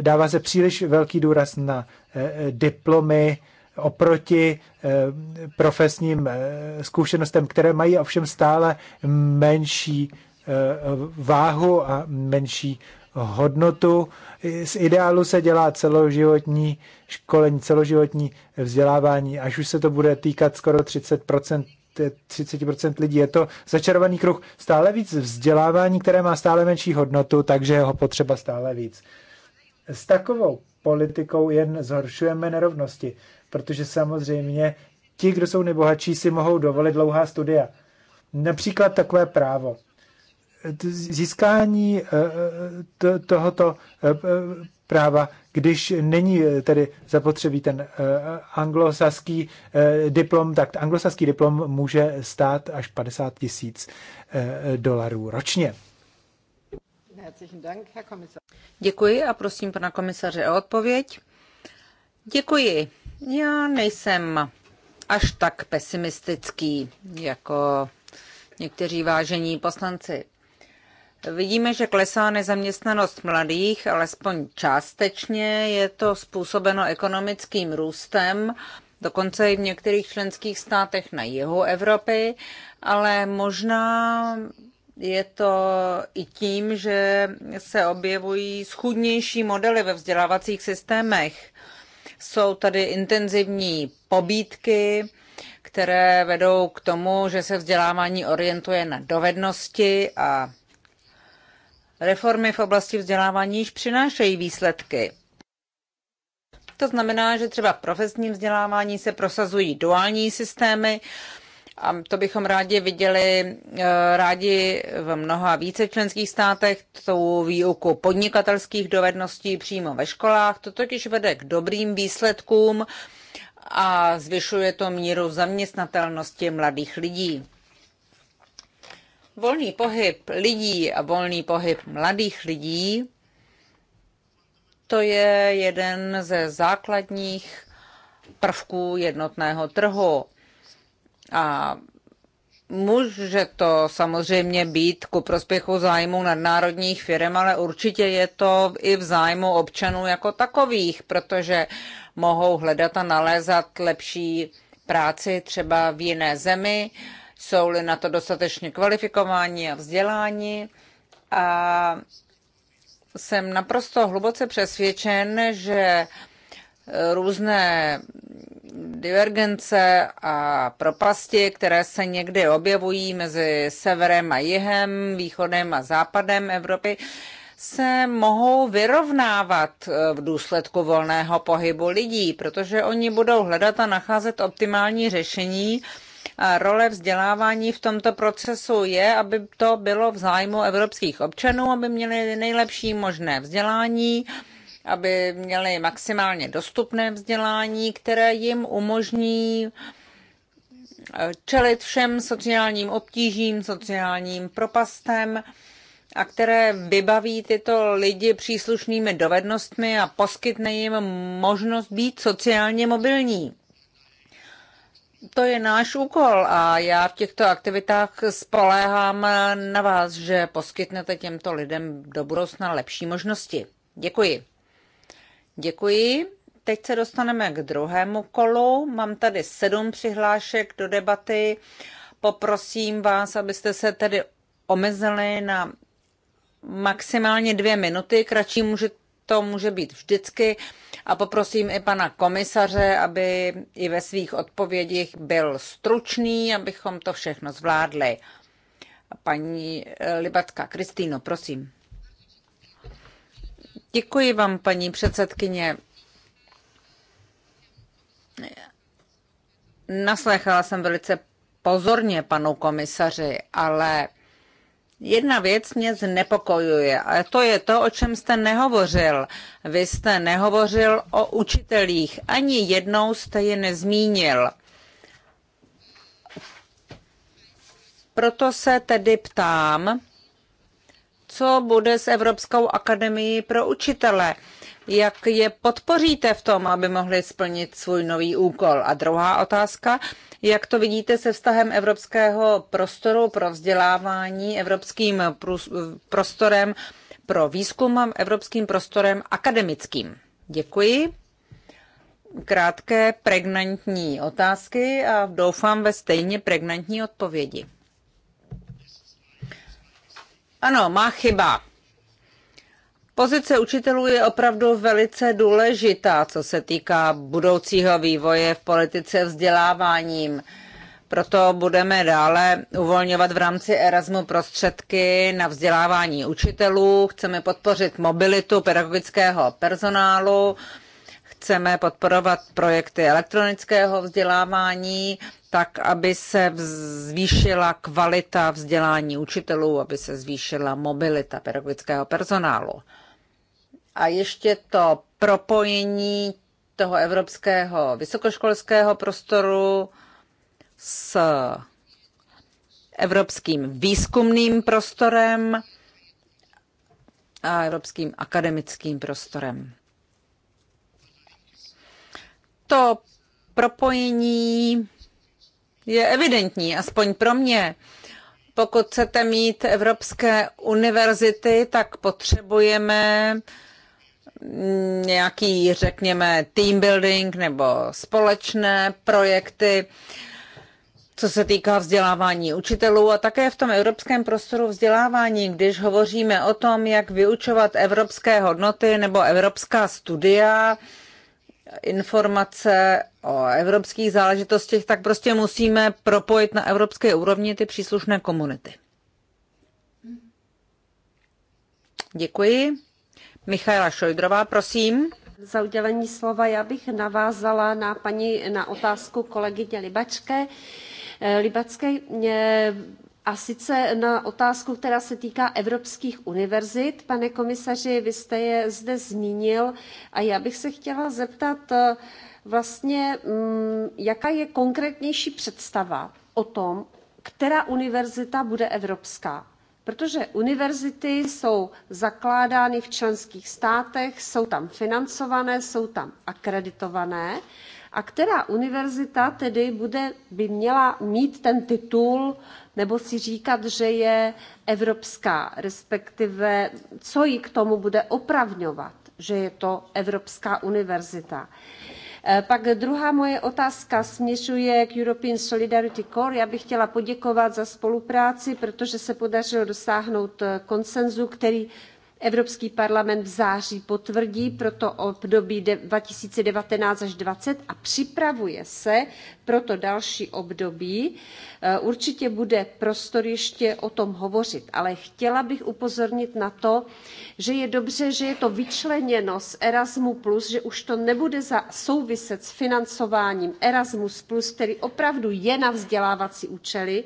dává se příliš velký důraz na diplomy, oproti eh, profesním eh, zkušenostem, které mají ovšem stále menší eh, váhu a menší hodnotu. Z ideálu se dělá celoživotní školení, celoživotní vzdělávání, až už se to bude týkat skoro 30%, 30% lidí. Je to začarovaný kruh. Stále víc vzdělávání, které má stále menší hodnotu, takže jeho ho potřeba stále víc. S takovou politikou jen zhoršujeme nerovnosti protože samozřejmě ti, kdo jsou nejbohatší, si mohou dovolit dlouhá studia. Například takové právo. Získání eh, eh, tohoto eh, práva, když není tedy zapotřebí ten anglosaský diplom, tak anglosaský diplom může stát až 50 tisíc dolarů ročně. Děkuji a prosím pana komisaře o odpověď. Děkuji. Já nejsem až tak pesimistický jako někteří vážení poslanci. Vidíme, že klesá nezaměstnanost mladých, alespoň částečně je to způsobeno ekonomickým růstem, dokonce i v některých členských státech na jihu Evropy, ale možná je to i tím, že se objevují schudnější modely ve vzdělávacích systémech. Jsou tady intenzivní pobídky, které vedou k tomu, že se vzdělávání orientuje na dovednosti a reformy v oblasti vzdělávání již přinášejí výsledky. To znamená, že třeba v profesním vzdělávání se prosazují duální systémy, a to bychom rádi viděli eh, rádi v mnoha více členských státech, tu výuku podnikatelských dovedností přímo ve školách. To totiž vede k dobrým výsledkům a zvyšuje to míru zaměstnatelnosti mladých lidí. Volný pohyb lidí a volný pohyb mladých lidí to je jeden ze základních prvků jednotného trhu. A může to samozřejmě být ku prospěchu zájmu nadnárodních firm, ale určitě je to i v zájmu občanů jako takových, protože mohou hledat a nalézat lepší práci třeba v jiné zemi, jsou-li na to dostatečně kvalifikováni a vzdělání. A jsem naprosto hluboce přesvědčen, že různé divergence a propasti, které se někdy objevují mezi severem a jihem, východem a západem Evropy, se mohou vyrovnávat eh, v důsledku volného pohybu lidí, protože oni budou hledat a nacházet optimální řešení. A role vzdělávání v tomto procesu je, aby to bylo v zájmu evropských občanů, aby měli nejlepší možné vzdělání, aby měli maximálně dostupné vzdělání, které jim umožní eh, čelit všem sociálním obtížím, sociálním propastem a které vybaví tyto lidi příslušnými dovednostmi a poskytne jim možnost být sociálně mobilní. To je náš úkol a já v těchto aktivitách spoléhám na vás, že poskytnete těmto lidem do budoucna lepší možnosti. Děkuji. Děkuji. Teď se dostaneme k druhému kolu. Mám tady sedm přihlášek do debaty. Poprosím vás, abyste se tedy omezili na maximálně dvě minuty. Kratší může, to může být vždycky. A poprosím i pana komisaře, aby i ve svých odpovědích byl stručný, abychom to všechno zvládli. Paní Libatka, Kristýno, prosím. Děkuji vám, paní předsedkyně. Naslechala jsem velice pozorně panu komisaři, ale jedna věc mě znepokojuje a to je to, o čem jste nehovořil. Vy jste nehovořil o učitelích, ani jednou jste je nezmínil. Proto se tedy ptám, co bude s Evropskou akademií pro učitele. Jak je podpoříte v tom, aby mohli splnit svůj nový úkol? A druhá otázka, jak to vidíte se vztahem evropského prostoru pro vzdělávání, evropským prostorem pro výzkum evropským prostorem akademickým? Děkuji. Krátké, pregnantní otázky a doufám ve stejně pregnantní odpovědi. Ano, má chyba. Pozice učitelů je opravdu velice důležitá, co se týká budoucího vývoje v politice vzděláváním. Proto budeme dále uvolňovat v rámci Erasmu prostředky na vzdělávání učitelů. Chceme podpořit mobilitu pedagogického personálu, chceme podporovat projekty elektronického vzdělávání tak, aby se zvýšila kvalita vzdělání učitelů, aby se zvýšila mobilita pedagogického personálu. A ještě to propojení toho evropského vysokoškolského prostoru s evropským výzkumným prostorem a evropským akademickým prostorem. To propojení je evidentní, aspoň pro mě. Pokud chcete mít evropské univerzity, tak potřebujeme nějaký, řekněme, team building nebo společné projekty, co se týká vzdělávání učitelů a také v tom evropském prostoru vzdělávání, když hovoříme o tom, jak vyučovat evropské hodnoty nebo evropská studia, informace o evropských záležitostech, tak prostě musíme propojit na evropské úrovni ty příslušné komunity. Děkuji. Michaela Šojdrová, prosím. Za udělení slova já bych navázala na, paní, na otázku kolegyně Libačke eh, Libacké a sice na otázku, která se týká evropských univerzit. Pane komisaři, vy jste je zde zmínil a já bych se chtěla zeptat eh, vlastně, mm, jaká je konkrétnější představa o tom, která univerzita bude evropská. Protože univerzity jsou zakládány v členských státech, jsou tam financované, jsou tam akreditované a která univerzita tedy bude, by měla mít ten titul nebo si říkat, že je evropská, respektive co ji k tomu bude opravňovat, že je to evropská univerzita. E, pak druhá moje otázka směřuje k European Solidarity Corps. Já bych chtěla poděkovat za spolupráci, protože se podařilo dosáhnout e, konsenzu, který Evropský parlament v září potvrdí proto období 2019 až twenty a připravuje se pro to další období. Eh, určitě bude prostor ještě o tom hovořit, ale chtěla bych upozornit na to, že je dobře, že je to vyčleněno z erasmus že už to nebude za souviset s financováním Erasmus+, který opravdu je na vzdělávací účely,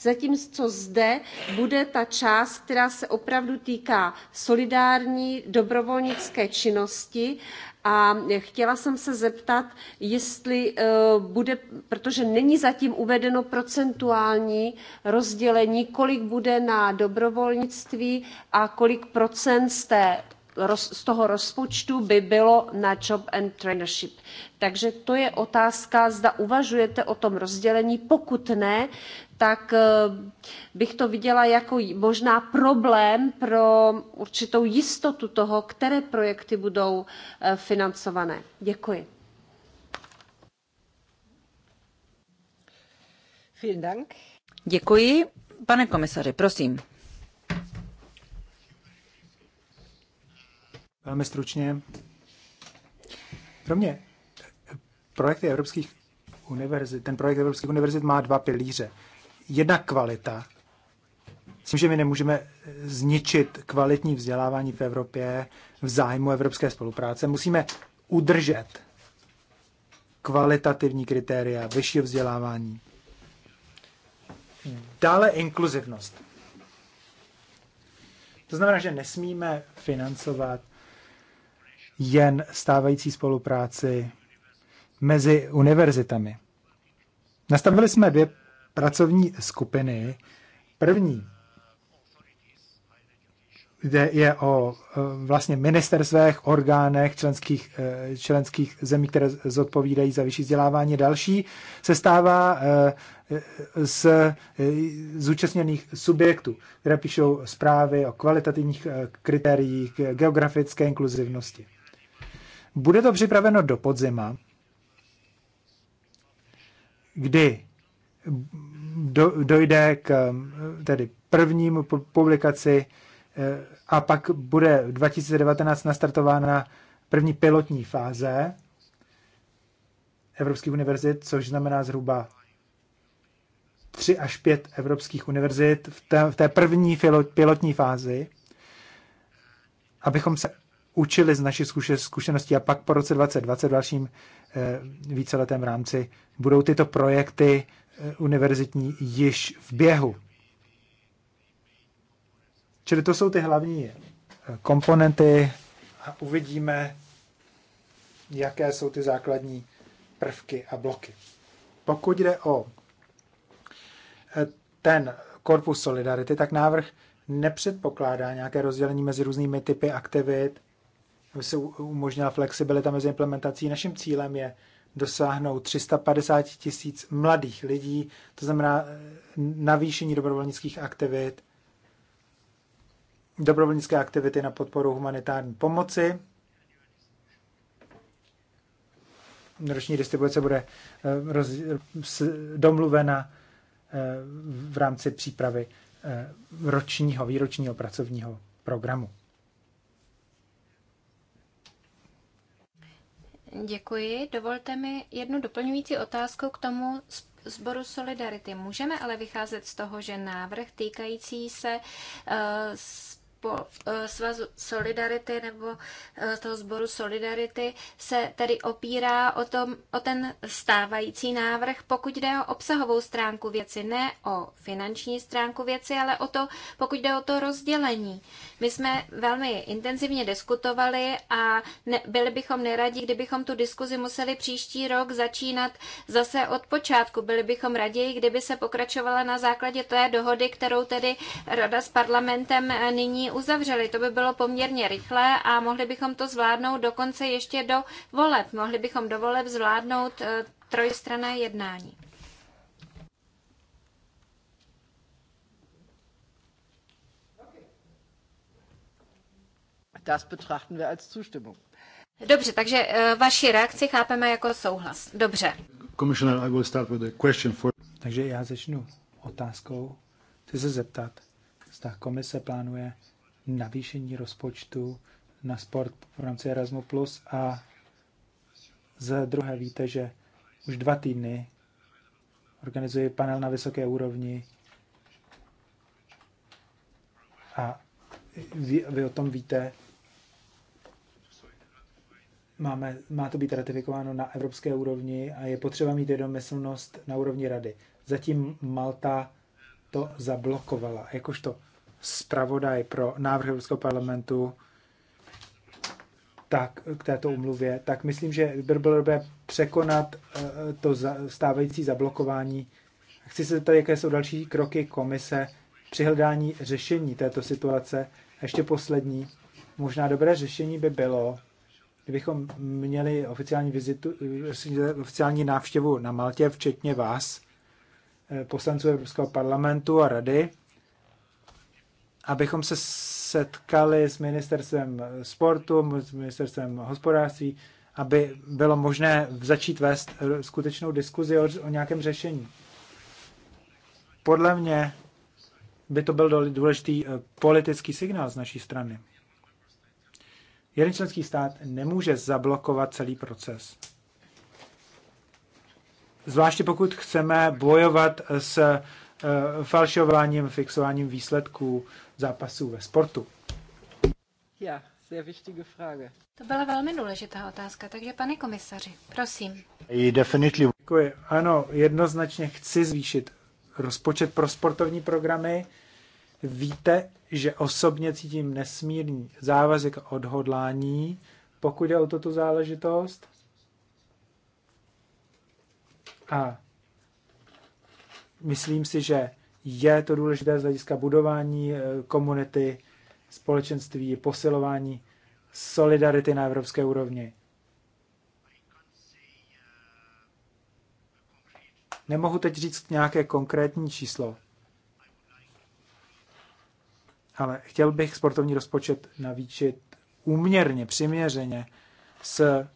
zatímco zde bude ta část, která se opravdu týká solidární dobrovolnické činnosti a chtěla jsem se zeptat, jestli eh, bude, protože není zatím uvedeno procentuální rozdělení, kolik bude na dobrovolnictví a kolik procent z, té, z toho rozpočtu by bylo na job and trainership. Takže to je otázka, zda uvažujete o tom rozdělení. Pokud ne, tak eh, bych to viděla jako možná problém pro určitou jistotu toho, které projekty budou eh, financované. Děkuji. Děkuji. Pane komisaři, prosím. Velmi stručně. Pro mě eh, projekty evropských univerzit, ten projekt evropských univerzit má dva pilíře. Jedna kvalita. Myslím, že my nemůžeme zničit kvalitní vzdělávání v Evropě v zájmu evropské spolupráce. Musíme udržet kvalitativní kritéria vyššího vzdělávání. Dále inkluzivnost. To znamená, že nesmíme financovat jen stávající spolupráci mezi univerzitami. Nastavili jsme dvě pracovní skupiny. První kde je o e, vlastně ministerstvech, orgánech členských, e, členských zemí, které zodpovídají za vyšší vzdělávání. Další se stává e, z zúčastněných subjektů, které píšou zprávy o kvalitativních kritériích geografické inkluzivnosti. Bude to připraveno do podzima, kdy do, dojde k um, tedy prvnímu publikaci eh, a pak bude 2019 nastartována první pilotní fáze Evropských univerzit, což znamená zhruba 3 až 5 evropských univerzit v té, v té první pilotní fázi, abychom se učili z našich zkušeností a pak po roce 2020 v dalším eh, víceletém rámci budou tyto projekty eh, univerzitní již v běhu. Čili to jsou ty hlavní eh, komponenty a uvidíme, jaké jsou ty základní prvky a bloky. Pokud jde o ten korpus solidarity, tak návrh nepředpokládá nějaké rozdělení mezi různými typy aktivit se umožnila flexibilita mezi implementací. Naším cílem je dosáhnout 350 tisíc mladých lidí, to znamená eh, navýšení dobrovolnických aktivit, dobrovolnické aktivity na podporu humanitární pomoci. Roční distribuce bude eh, roz, domluvena eh, v rámci přípravy ročního, výročního pracovního programu. Děkuji. Dovolte mi jednu doplňující otázku k tomu sboru Solidarity. Můžeme ale vycházet z toho, že návrh týkající se uh, po eh, svazu Solidarity nebo eh, toho sboru Solidarity se tedy opírá o, tom, o ten stávající návrh, pokud jde o obsahovou stránku věci, ne o finanční stránku věci, ale o to, pokud jde o to rozdělení. My jsme velmi intenzivně diskutovali a ne, byli bychom neradi, kdybychom tu diskuzi museli příští rok začínat zase od počátku. Byli bychom raději, kdyby se pokračovala na základě té dohody, kterou tedy Rada s parlamentem eh, nyní uzavřeli. To by bylo poměrně rychlé a mohli bychom to zvládnout dokonce ještě do voleb. Mohli bychom do voleb zvládnout eh, trojstrané jednání. Das betrachten wir als Zustimmung. Dobře, takže eh, vaši reakci chápeme jako souhlas. Dobře. Commissioner, I will start with a question for... Takže já začnu otázkou. Chci se zeptat, zda komise plánuje navýšení rozpočtu na sport v rámci Erasmus+. A za druhé víte, že už dva týdny organizuji panel na vysoké úrovni a vy, vy o tom víte. Máme, má to být ratifikováno na evropské úrovni a je potřeba mít jednomyslnost na úrovni rady. Zatím Malta to zablokovala. Jakožto zpravodaj pro návrh Evropského parlamentu tak, k této umluvě, tak myslím, že by bylo dobré překonat eh, to stávající zablokování. Chci se zeptat, jaké jsou další kroky komise při hledání řešení této situace. A ještě poslední, možná dobré řešení by bylo, kdybychom měli oficiální, vizitu, oficiální návštěvu na Maltě, včetně vás, eh, poslanců Evropského parlamentu a rady, abychom se setkali s ministerstvem sportu, s ministerstvem hospodářství, aby bylo možné začít vést skutečnou diskuzi o, o nějakém řešení. Podle mě by to byl důležitý eh, politický signál z naší strany. Jeden členský stát nemůže zablokovat celý proces. Zvláště pokud chceme bojovat s eh, falšováním, fixováním výsledků, zápasů ve sportu? Ja, sehr wichtige Frage. To byla velmi důležitá otázka, takže pane komisaři, prosím. Děkuji. Ano, jednoznačně chci zvýšit rozpočet pro sportovní programy. Víte, že osobně cítím nesmírný závazek odhodlání, pokud je o tuto záležitost. A myslím si, že je to důležité z hlediska budování eh, komunity, společenství, posilování solidarity na evropské úrovni. Nemohu teď říct nějaké konkrétní číslo, ale chtěl bych sportovní rozpočet navýšit úměrně, přiměřeně s eh,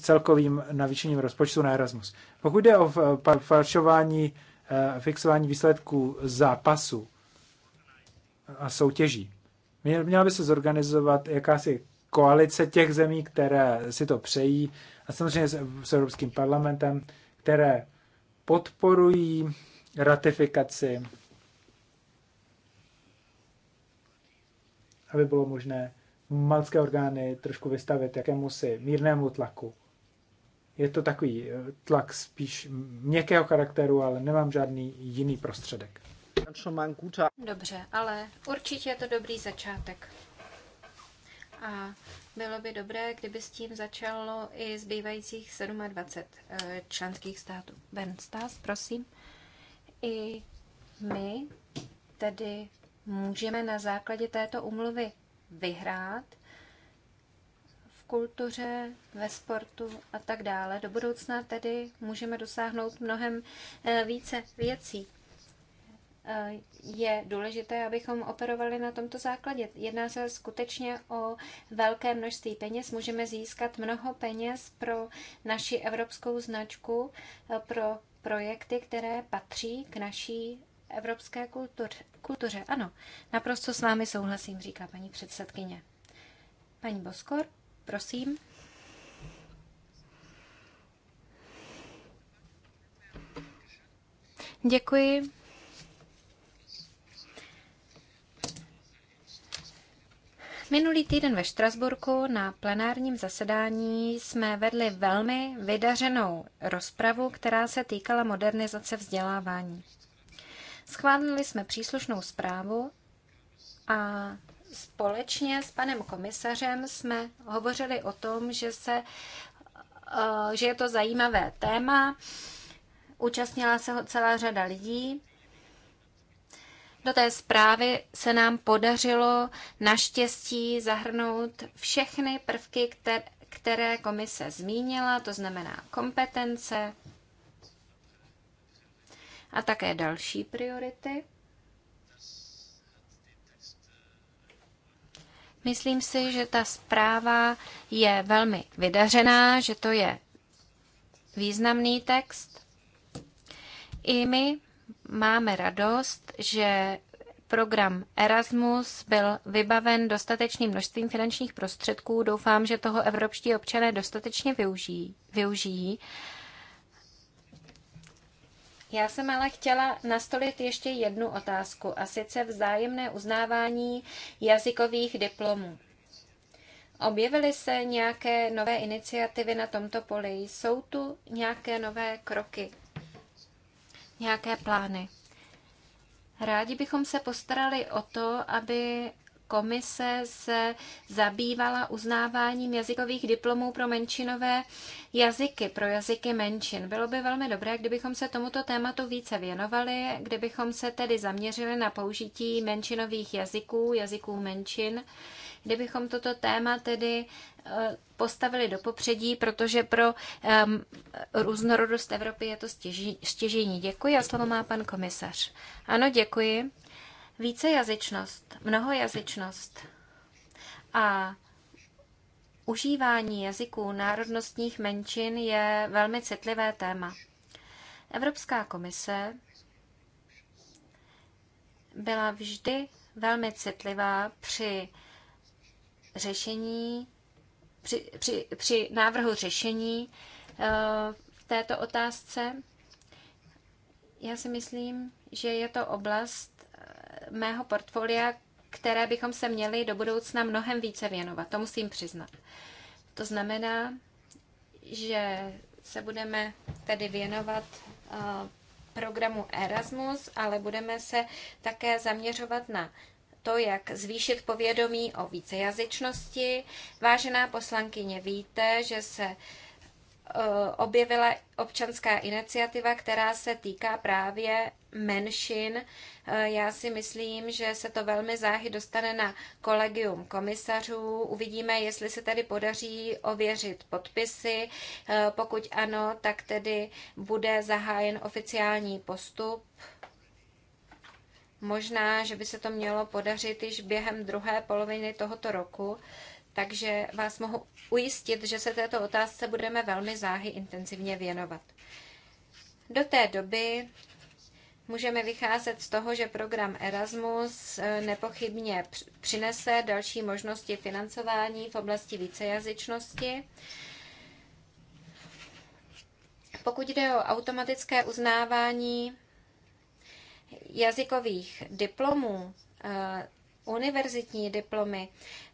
celkovým navýšením rozpočtu na Erasmus. Pokud jde o eh, falšování Eh, fixování výsledků zápasu a soutěží. Měla by se zorganizovat jakási koalice těch zemí, které si to přejí, a samozřejmě s Evropským parlamentem, které podporují ratifikaci, aby bylo možné malské orgány trošku vystavit jakému si mírnému tlaku je to takový eh, tlak spíš měkkého charakteru, ale nemám žádný jiný prostředek. Dobře, ale určitě je to dobrý začátek. A bylo by dobré, kdyby s tím začalo i zbývajících 27 eh, členských států. Ben Stas, prosím. I my tedy můžeme na základě této umluvy vyhrát kultuře, ve sportu a tak dále. Do budoucna tedy můžeme dosáhnout mnohem eh, více věcí. Eh, je důležité, abychom operovali na tomto základě. Jedná se skutečně o velké množství peněz. Můžeme získat mnoho peněz pro naši evropskou značku, eh, pro projekty, které patří k naší evropské kultuře. Ano, naprosto s vámi souhlasím, říká paní předsedkyně. Paní Boskor? Prosím. Děkuji. Minulý týden ve Štrasburku na plenárním zasedání jsme vedli velmi vydařenou rozpravu, která se týkala modernizace vzdělávání. Schválili jsme příslušnou zprávu a společně s panem komisařem jsme hovořili o tom, že, se, eh, že je to zajímavé téma. Účastnila se ho celá řada lidí. Do té zprávy se nám podařilo naštěstí zahrnout všechny prvky, které, komise zmínila, to znamená kompetence a také další priority. Myslím si, že ta zpráva je velmi vydařená, že to je významný text. I my máme radost, že program Erasmus byl vybaven dostatečným množstvím finančních prostředků. Doufám, že toho evropští občané dostatečně využijí. využijí já jsem ale chtěla nastolit ještě jednu otázku, a sice vzájemné uznávání jazykových diplomů. Objevily se nějaké nové iniciativy na tomto poli? Jsou tu nějaké nové kroky? Nějaké plány? Rádi bychom se postarali o to, aby komise se zabývala uznáváním jazykových diplomů pro menšinové jazyky, pro jazyky menšin. Bylo by velmi dobré, kdybychom se tomuto tématu více věnovali, kdybychom se tedy zaměřili na použití menšinových jazyků, jazyků menšin, kdybychom toto téma tedy eh, postavili do popředí, protože pro um, různorodost Evropy je to stěží, stěžení. Děkuji a slovo má pan komisař. Ano, děkuji. Vícejazyčnost, mnohojazyčnost a užívání jazyků národnostních menšin je velmi citlivé téma. Evropská komise byla vždy velmi citlivá při řešení, při, při, při návrhu řešení eh, v této otázce. Já si myslím, že je to oblast, mého portfolia, které bychom se měli do budoucna mnohem více věnovat. To musím přiznat. To znamená, že se budeme tedy věnovat eh, programu Erasmus, ale budeme se také zaměřovat na to, jak zvýšit povědomí o vícejazyčnosti. Vážená poslankyně, víte, že se Eh, objevila občanská iniciativa, která se týká právě menšin. Eh, já si myslím, že se to velmi záhy dostane na kolegium komisařů. Uvidíme, jestli se tady podaří ověřit podpisy. Eh, pokud ano, tak tedy bude zahájen oficiální postup. Možná, že by se to mělo podařit již během druhé poloviny tohoto roku takže vás mohu ujistit, že se této otázce budeme velmi záhy intenzivně věnovat. Do té doby můžeme vycházet z toho, že program Erasmus eh, nepochybně přinese další možnosti financování v oblasti vícejazyčnosti. Pokud jde o automatické uznávání jazykových diplomů, eh, univerzitní diplomy,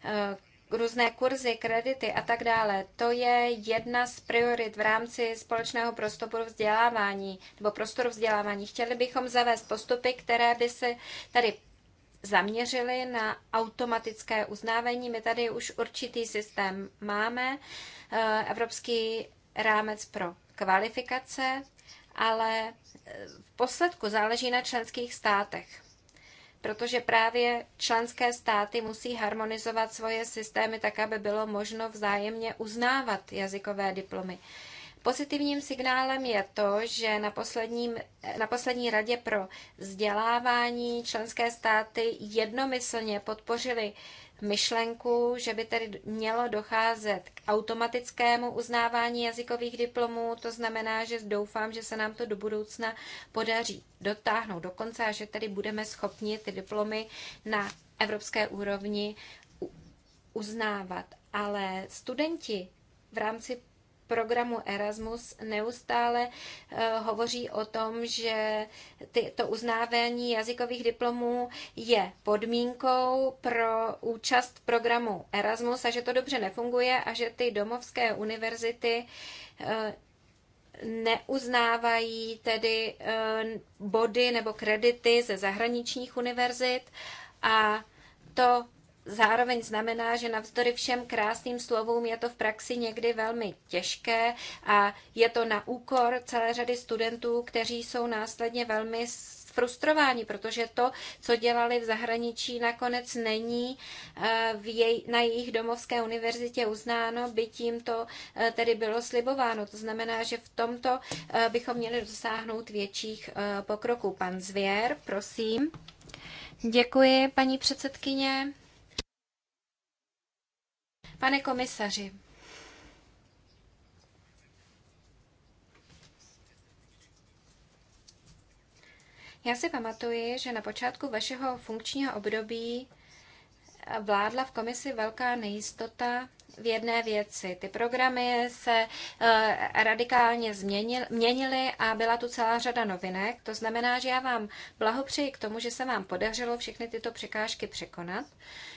eh, různé kurzy, kredity a tak dále. To je jedna z priorit v rámci společného prostoru vzdělávání nebo prostoru vzdělávání. Chtěli bychom zavést postupy, které by se tady zaměřily na automatické uznávání. My tady už určitý systém máme, eh, Evropský rámec pro kvalifikace, ale eh, v posledku záleží na členských státech protože právě členské státy musí harmonizovat svoje systémy tak, aby bylo možno vzájemně uznávat jazykové diplomy. Pozitivním signálem je to, že na, posledním, na poslední radě pro vzdělávání členské státy jednomyslně podpořili myšlenku, že by tedy mělo docházet k automatickému uznávání jazykových diplomů. To znamená, že doufám, že se nám to do budoucna podaří dotáhnout do konce a že tedy budeme schopni ty diplomy na evropské úrovni uznávat. Ale studenti v rámci programu Erasmus neustále eh, hovoří o tom, že ty, to uznávání jazykových diplomů je podmínkou pro účast programu Erasmus a že to dobře nefunguje a že ty domovské univerzity eh, neuznávají tedy eh, body nebo kredity ze zahraničních univerzit a to zároveň znamená, že navzdory všem krásným slovům je to v praxi někdy velmi těžké a je to na úkor celé řady studentů, kteří jsou následně velmi frustrováni, protože to, co dělali v zahraničí, nakonec není eh, v jej, na jejich domovské univerzitě uznáno, by tím to eh, tedy bylo slibováno. To znamená, že v tomto eh, bychom měli dosáhnout větších pokroků. Pan Zvěr, prosím. Děkuji, paní předsedkyně. Pane komisaři, já si pamatuji, že na počátku vašeho funkčního období vládla v komisi velká nejistota v jedné věci. Ty programy se eh, radikálně změnily měnily a byla tu celá řada novinek. To znamená, že já vám blahopřeji k tomu, že se vám podařilo všechny tyto překážky překonat,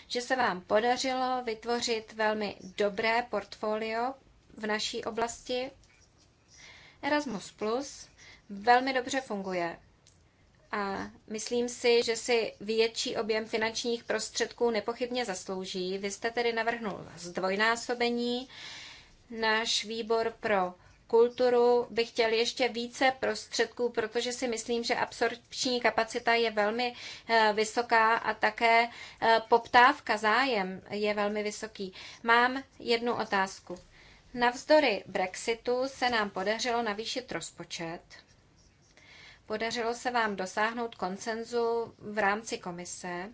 že se vám podařilo vytvořit velmi dobré portfolio v naší oblasti. Erasmus Plus velmi dobře funguje. A myslím si, že si větší objem finančních prostředků nepochybně zaslouží. Vy jste tedy navrhnul zdvojnásobení. Náš výbor pro kulturu by chtěl ještě více prostředků, protože si myslím, že absorpční kapacita je velmi eh, vysoká a také eh, poptávka, zájem je velmi vysoký. Mám jednu otázku. Navzdory Brexitu se nám podařilo navýšit rozpočet Podařilo se vám dosáhnout konsenzu v rámci komise,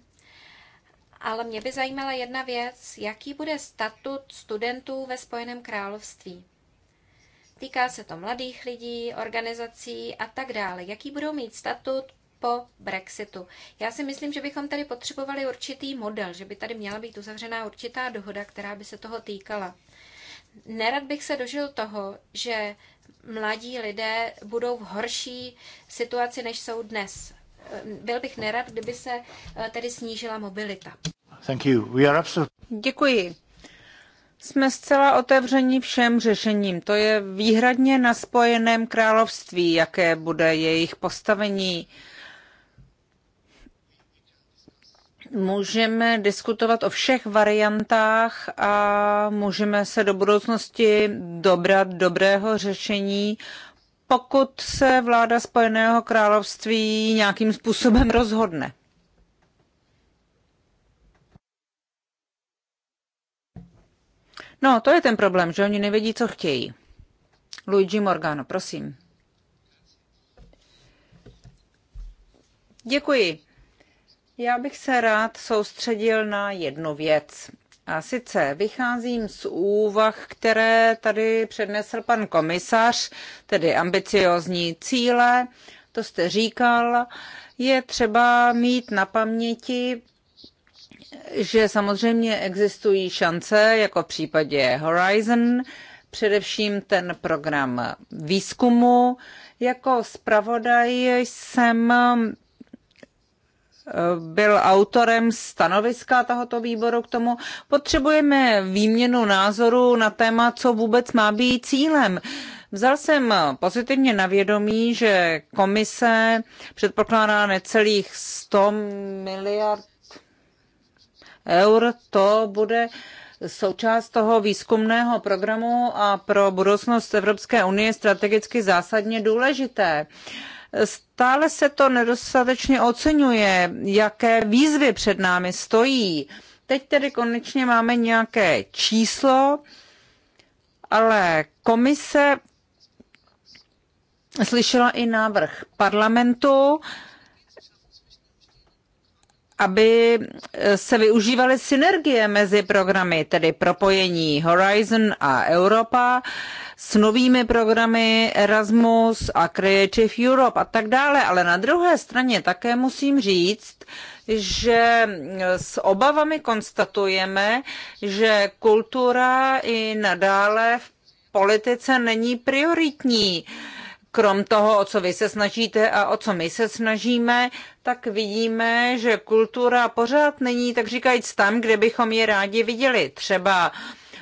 ale mě by zajímala jedna věc, jaký bude statut studentů ve Spojeném království. Týká se to mladých lidí, organizací a tak dále. Jaký budou mít statut po Brexitu? Já si myslím, že bychom tady potřebovali určitý model, že by tady měla být uzavřená určitá dohoda, která by se toho týkala. Nerad bych se dožil toho, že mladí lidé budou v horší situaci, než jsou dnes. Byl bych nerad, kdyby se eh, tedy snížila mobilita. Thank you. We are absolutely... Děkuji. Jsme zcela otevřeni všem řešením. To je výhradně na Spojeném království, jaké bude jejich postavení. můžeme diskutovat o všech variantách a můžeme se do budoucnosti dobrat dobrého řešení, pokud se vláda Spojeného království nějakým způsobem rozhodne. No, to je ten problém, že oni nevědí, co chtějí. Luigi Morgano, prosím. Děkuji. Já bych se rád soustředil na jednu věc. A sice vycházím z úvah, které tady přednesl pan komisař, tedy ambiciozní cíle, to jste říkal, je třeba mít na paměti, že samozřejmě existují šance, jako v případě Horizon, především ten program výzkumu. Jako zpravodaj jsem byl autorem stanoviska tohoto výboru k tomu. Potřebujeme výměnu názoru na téma, co vůbec má být cílem. Vzal jsem pozitivně na vědomí, že komise předpokládá necelých 100 miliard eur. To bude součást toho výzkumného programu a pro budoucnost Evropské unie strategicky zásadně důležité. Uh, Stále se to nedostatečně oceňuje, jaké výzvy před námi stojí. Teď tedy konečně máme nějaké číslo, ale komise slyšela i návrh parlamentu aby eh, se využívaly synergie mezi programy, tedy propojení Horizon a Europa s novými programy Erasmus a Creative Europe a tak dále. Ale na druhé straně také musím říct, že eh, s obavami konstatujeme, že kultura i nadále v politice není prioritní. Uh, krom toho, o co vy se snažíte a o co my se snažíme, tak vidíme, že kultura pořád není, tak říkajíc, tam, kde bychom je rádi viděli. Třeba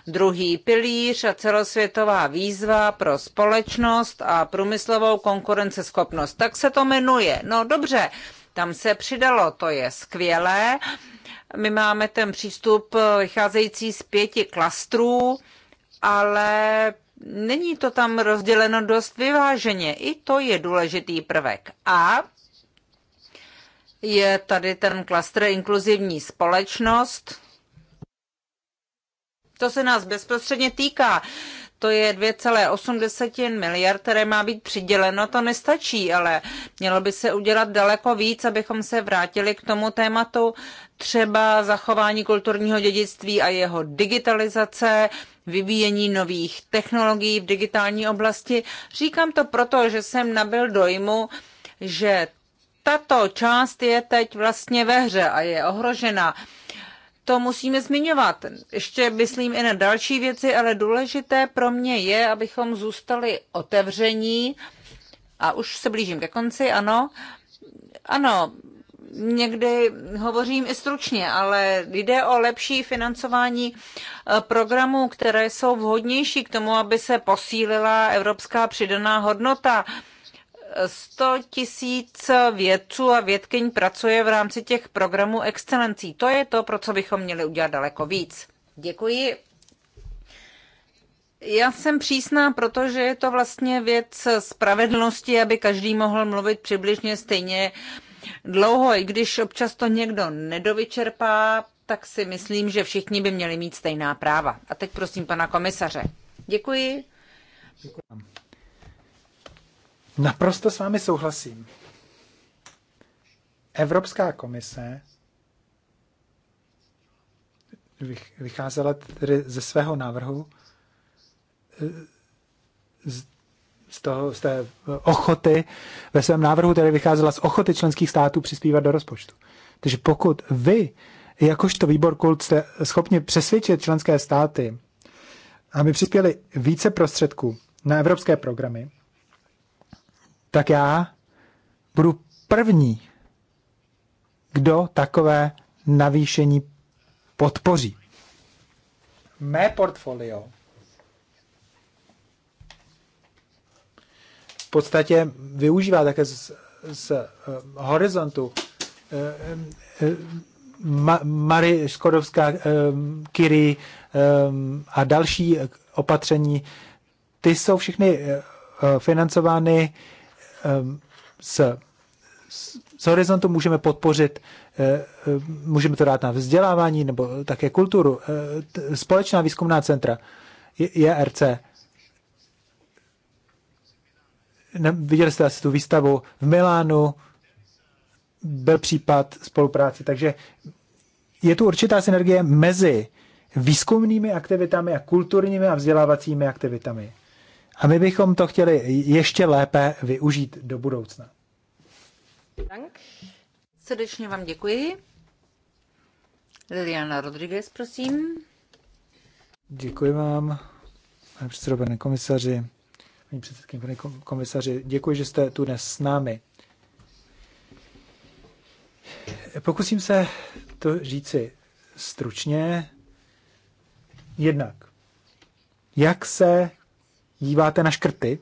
druhý pilíř a celosvětová výzva pro společnost a průmyslovou konkurenceschopnost. Tak se to jmenuje. No dobře, tam se přidalo, to je skvělé. My máme ten přístup vycházející z pěti klastrů, ale Není to tam rozděleno dost vyváženě. I to je důležitý prvek. A je tady ten klastr inkluzivní společnost. To se nás bezprostředně týká. To je 2,8 miliard, které má být přiděleno, to nestačí, ale mělo by se udělat daleko víc, abychom se vrátili k tomu tématu třeba zachování kulturního dědictví a jeho digitalizace, vyvíjení nových technologií v digitální oblasti. Říkám to proto, že jsem nabil dojmu, že tato část je teď vlastně ve hře a je ohrožena. To musíme zmiňovat. Ještě myslím i na další věci, ale důležité pro mě je, abychom zůstali otevření. A už se blížím ke konci, ano. Ano, někdy hovořím i stručně, ale jde o lepší financování eh, programů, které jsou vhodnější k tomu, aby se posílila evropská přidaná hodnota. 100 tisíc vědců a vědkyň pracuje v rámci těch programů excelencí. To je to, pro co bychom měli udělat daleko víc. Děkuji. Já jsem přísná, protože je to vlastně věc spravedlnosti, aby každý mohl mluvit přibližně stejně uh, dlouho, i když občas to někdo nedovyčerpá, tak si myslím, že všichni by měli mít stejná práva. A teď prosím pana komisaře. Děkuji. Děkuji. Naprosto s vámi souhlasím. Evropská komise vycházela tedy ze svého návrhu eh, z, toho, z té eh, ochoty, ve svém návrhu tedy vycházela z ochoty členských států přispívat do rozpočtu. Takže pokud vy, jakožto výbor kult, jste schopni přesvědčit členské státy, aby přispěli více prostředků na evropské programy, tak já budu první, kdo takové navýšení podpoří. Mé portfolio podstatě využívá také z, z eh, horizontu eh, eh, Ma, Mary Škodovská, Kiri a další opatření, ty jsou všechny financovány z, z horizontu, můžeme podpořit, můžeme to dát na vzdělávání nebo také kulturu, společná výzkumná centra, JRC viděli jste asi tu výstavu v Milánu, byl případ spolupráce, takže je tu určitá synergie mezi výzkumnými aktivitami a kulturními a vzdělávacími aktivitami. A my bychom to chtěli ještě lépe využít do budoucna. Tak, Srdečně vám děkuji. Liliana Rodriguez, prosím. Děkuji vám, pane předsedo, pane komisaři paní předsedkyně, pane komisaři, děkuji, že jste tu dnes s námi. Pokusím se to říci stručně. Jednak, jak se díváte na škrty?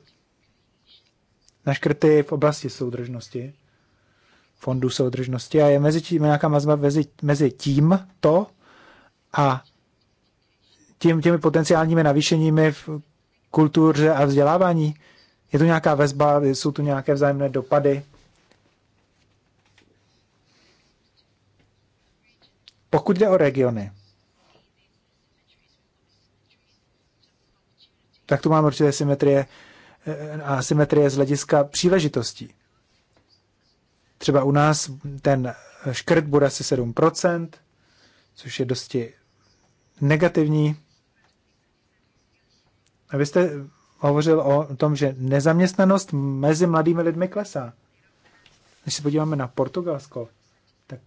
Na škrty v oblasti soudržnosti, fondu soudržnosti a je mezi tím nějaká mazba mezi, mezi tím to a tím, těmi potenciálními navýšeními v kultuře a vzdělávání? Je tu nějaká vazba, jsou tu nějaké vzájemné dopady? Pokud jde o regiony, tak tu máme určité symetrie eh, a symetrie z hlediska příležitostí. Třeba u nás ten škrt bude asi 7%, což je dosti negativní. Vy jste hovořil o tom, že nezaměstnanost mezi mladými lidmi klesá. Když se podíváme na Portugalsko, tak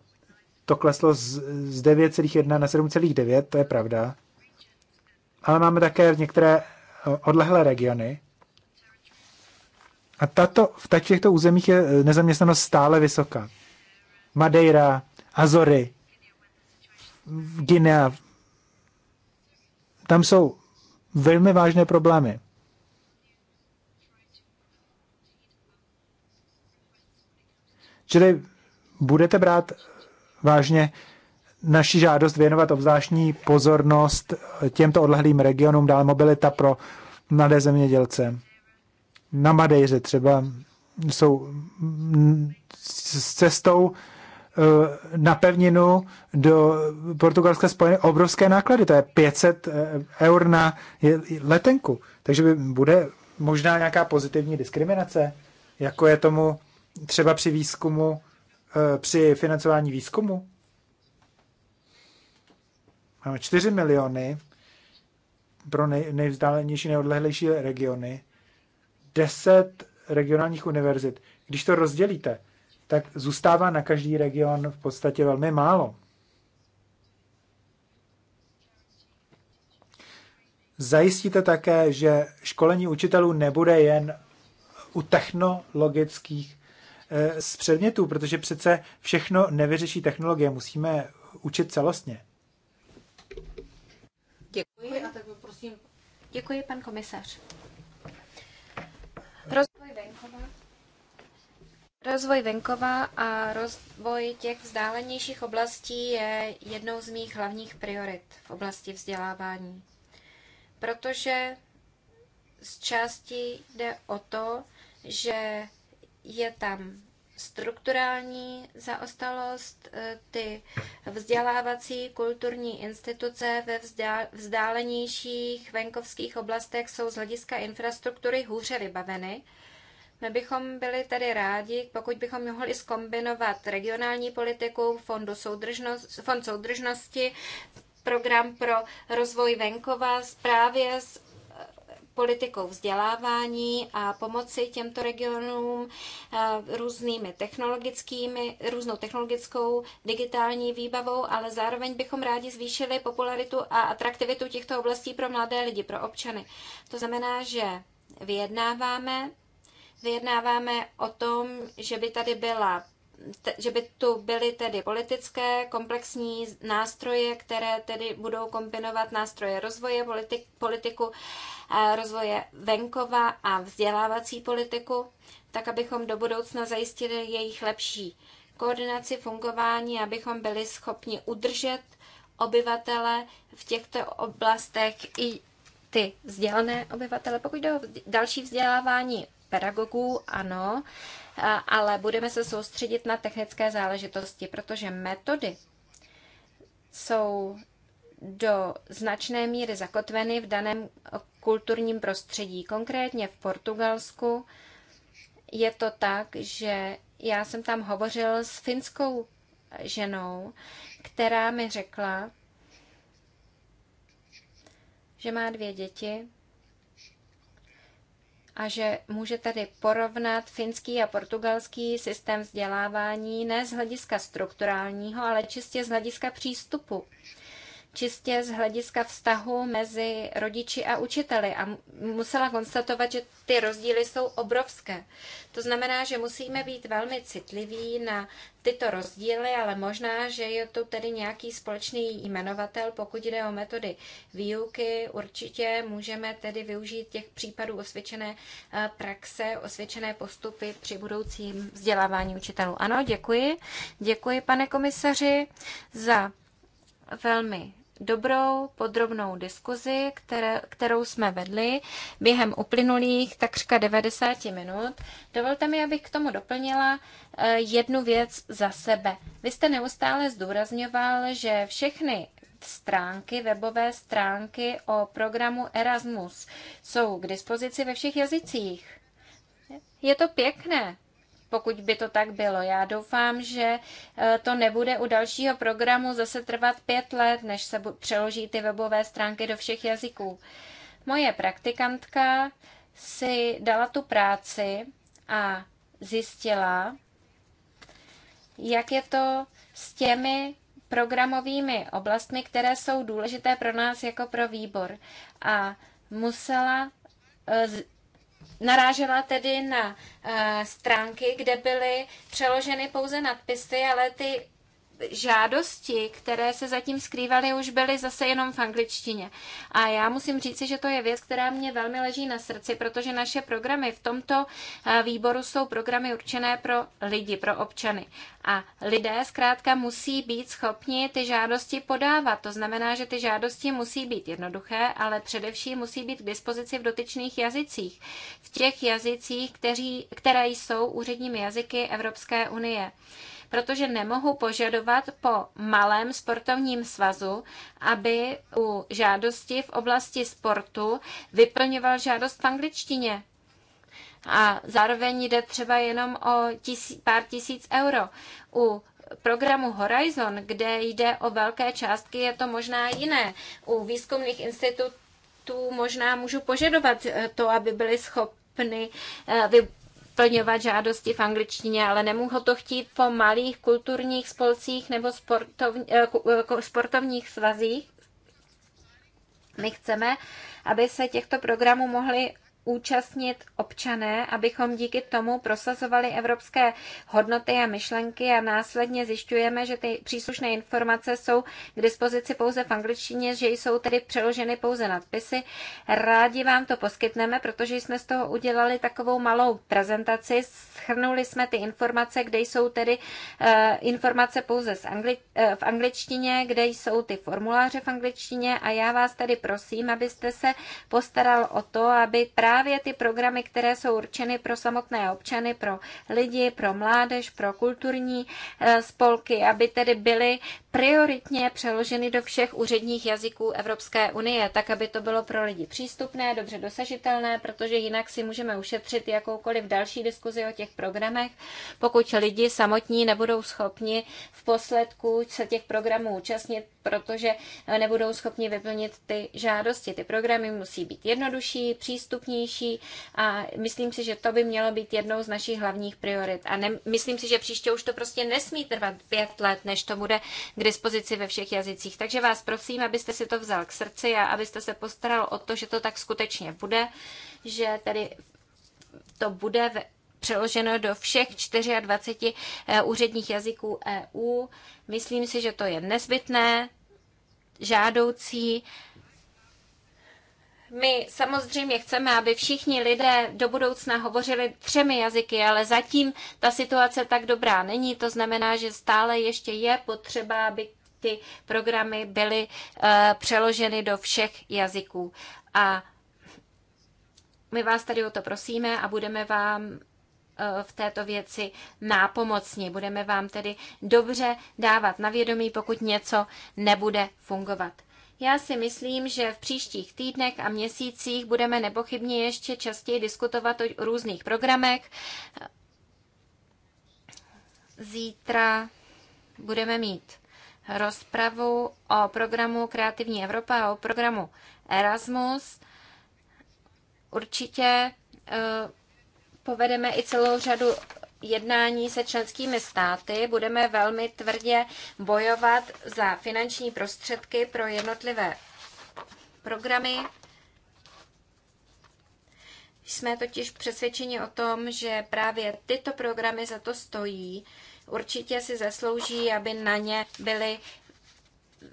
to kleslo z, 9,1 na 7,9, to je pravda. Ale máme také v některé eh, odlehlé regiony. A tato, v těchto územích je eh, nezaměstnanost stále vysoká. Madeira, Azory, Guinea. Tam jsou velmi vážné problémy. Čili budete brát vážně naši žádost věnovat obzvláštní pozornost těmto odlehlým regionům, dále mobilita pro mladé zemědělce. Na Madejře třeba jsou s cestou Eh, na pevninu do Portugalské spojené obrovské náklady. To je 500 eh, eur na letenku. Takže by bude možná nějaká pozitivní diskriminace, jako je tomu třeba při výzkumu, eh, při financování výzkumu. Máme 4 miliony pro nej, nejvzdálenější, nejodlehlejší regiony, 10 regionálních univerzit. Když to rozdělíte, tak zůstává na každý region v podstatě velmi málo. Zajistíte také, že školení učitelů nebude jen u technologických eh, z předmětů, protože přece všechno nevyřeší technologie, musíme učit celostně. Děkuji a tak prosím. Děkuji, pan komisař. Rozvoj venkova. Rozvoj venkova a rozvoj těch vzdálenějších oblastí je jednou z mých hlavních priorit v oblasti vzdělávání, protože z části jde o to, že je tam strukturální zaostalost, e, ty vzdělávací kulturní instituce ve vzdálenějších venkovských oblastech jsou z hlediska infrastruktury hůře vybaveny my bychom byli tedy rádi, pokud bychom mohli skombinovat regionální politiku, fondu soudržnost, fond soudržnosti, program pro rozvoj venkova právě s e, politikou vzdělávání a pomoci těmto regionům e, různými technologickými, různou technologickou digitální výbavou, ale zároveň bychom rádi zvýšili popularitu a atraktivitu těchto oblastí pro mladé lidi, pro občany. To znamená, že vyjednáváme vyjednáváme o tom, že by tady byla že by tu byly tedy politické komplexní nástroje, které tedy budou kombinovat nástroje rozvoje, politik, politiku eh, rozvoje venkova a vzdělávací politiku, tak abychom do budoucna zajistili jejich lepší koordinaci fungování, abychom byli schopni udržet obyvatele v těchto oblastech i ty vzdělané obyvatele. Pokud jde o další vzdělávání pedagogů, ano, ale budeme se soustředit na technické záležitosti, protože metody jsou do značné míry zakotveny v daném kulturním prostředí. Konkrétně v Portugalsku je to tak, že já jsem tam hovořil s finskou ženou, která mi řekla, že má dvě děti a že může tady porovnat finský a portugalský systém vzdělávání ne z hlediska strukturálního, ale čistě z hlediska přístupu čistě z hlediska vztahu mezi rodiči a učiteli a musela konstatovat, že ty rozdíly jsou obrovské. To znamená, že musíme být velmi citliví na tyto rozdíly, ale možná, že je to tedy nějaký společný jmenovatel, pokud jde o metody výuky. Určitě můžeme tedy využít těch případů osvědčené eh, praxe, osvědčené postupy při budoucím vzdělávání učitelů. Ano, děkuji. Děkuji, pane komisaři, za velmi dobrou podrobnou diskuzi, které, kterou jsme vedli během uplynulých takřka 90 minut. Dovolte mi, abych k tomu doplnila eh, jednu věc za sebe. Vy jste neustále zdůrazňoval, že všechny stránky, webové stránky o programu Erasmus jsou k dispozici ve všech jazycích. Je to pěkné, pokud by to tak bylo. Já doufám, že eh, to nebude u dalšího programu zase trvat pět let, než se přeloží ty webové stránky do všech jazyků. Moje praktikantka si dala tu práci a zjistila, jak je to s těmi programovými oblastmi, které jsou důležité pro nás jako pro výbor. A musela eh, narážela tedy na eh, stránky, kde byly přeloženy pouze nadpisy, ale ty žádosti, které se zatím skrývaly, už byly zase jenom v angličtině. A já musím říci, že to je věc, která mě velmi leží na srdci, protože naše programy v tomto eh, výboru jsou programy určené pro lidi, pro občany. A lidé zkrátka musí být schopni ty žádosti podávat. To znamená, že ty žádosti musí být jednoduché, ale především musí být k dispozici v dotyčných jazycích. V těch jazycích, kteří, které jsou úředními jazyky Evropské unie protože nemohu požadovat po malém sportovním svazu, aby u žádosti v oblasti sportu vyplňoval žádost v angličtině. A zároveň jde třeba jenom o tisí, pár tisíc euro. U programu Horizon, kde jde o velké částky, je to možná jiné. U výzkumných institutů možná můžu požadovat eh, to, aby byly schopny eh, splňovat žádosti v angličtině, ale nemůžu to chtít po malých kulturních spolcích nebo sportovní, eh, eh, sportovních svazích. My chceme, aby se těchto programů mohli účastnit občané, abychom díky tomu prosazovali evropské hodnoty a myšlenky a následně zjišťujeme, že ty příslušné informace jsou k dispozici pouze v angličtině, že jsou tedy přeloženy pouze nadpisy. Rádi vám to poskytneme, protože jsme z toho udělali takovou malou prezentaci. Schrnuli jsme ty informace, kde jsou tedy uh, informace pouze z angli- uh, v angličtině, kde jsou ty formuláře v angličtině a já vás tedy prosím, abyste se postaral o to, aby právě právě ty programy, které jsou určeny pro samotné občany, pro lidi, pro mládež, pro kulturní eh, spolky, aby tedy byly prioritně přeloženy do všech úředních jazyků Evropské unie, tak aby to bylo pro lidi přístupné, dobře dosažitelné, protože jinak si můžeme ušetřit jakoukoliv další diskuzi o těch programech, pokud lidi samotní nebudou schopni v posledku se těch programů účastnit, protože nebudou schopni vyplnit ty žádosti. Ty programy musí být jednodušší, přístupnější a myslím si, že to by mělo být jednou z našich hlavních priorit. A ne, myslím si, že příště už to prostě nesmí trvat pět let, než to bude k dispozici ve všech jazycích. Takže vás prosím, abyste si to vzal k srdci a abyste se postaral o to, že to tak skutečně bude, že tady to bude ve, přeloženo do všech 24 eh, úředních jazyků EU. Myslím si, že to je nezbytné, žádoucí my samozřejmě chceme, aby všichni lidé do budoucna hovořili třemi jazyky, ale zatím ta situace tak dobrá není. To znamená, že stále ještě je potřeba, aby ty programy byly uh, přeloženy do všech jazyků. A my vás tady o to prosíme a budeme vám eh, v této věci nápomocní. Budeme vám tedy dobře dávat na vědomí, pokud něco nebude fungovat. Já si myslím, že v příštích týdnech a měsících budeme nepochybně ještě častěji diskutovat o různých programech. Zítra budeme mít rozpravu o programu Kreativní Evropa a o programu Erasmus. Určitě eh, povedeme i celou řadu jednání se členskými státy budeme velmi tvrdě bojovat za finanční prostředky pro jednotlivé programy. Jsme totiž přesvědčeni o tom, že právě tyto programy za to stojí. Určitě si zaslouží, aby na ně byly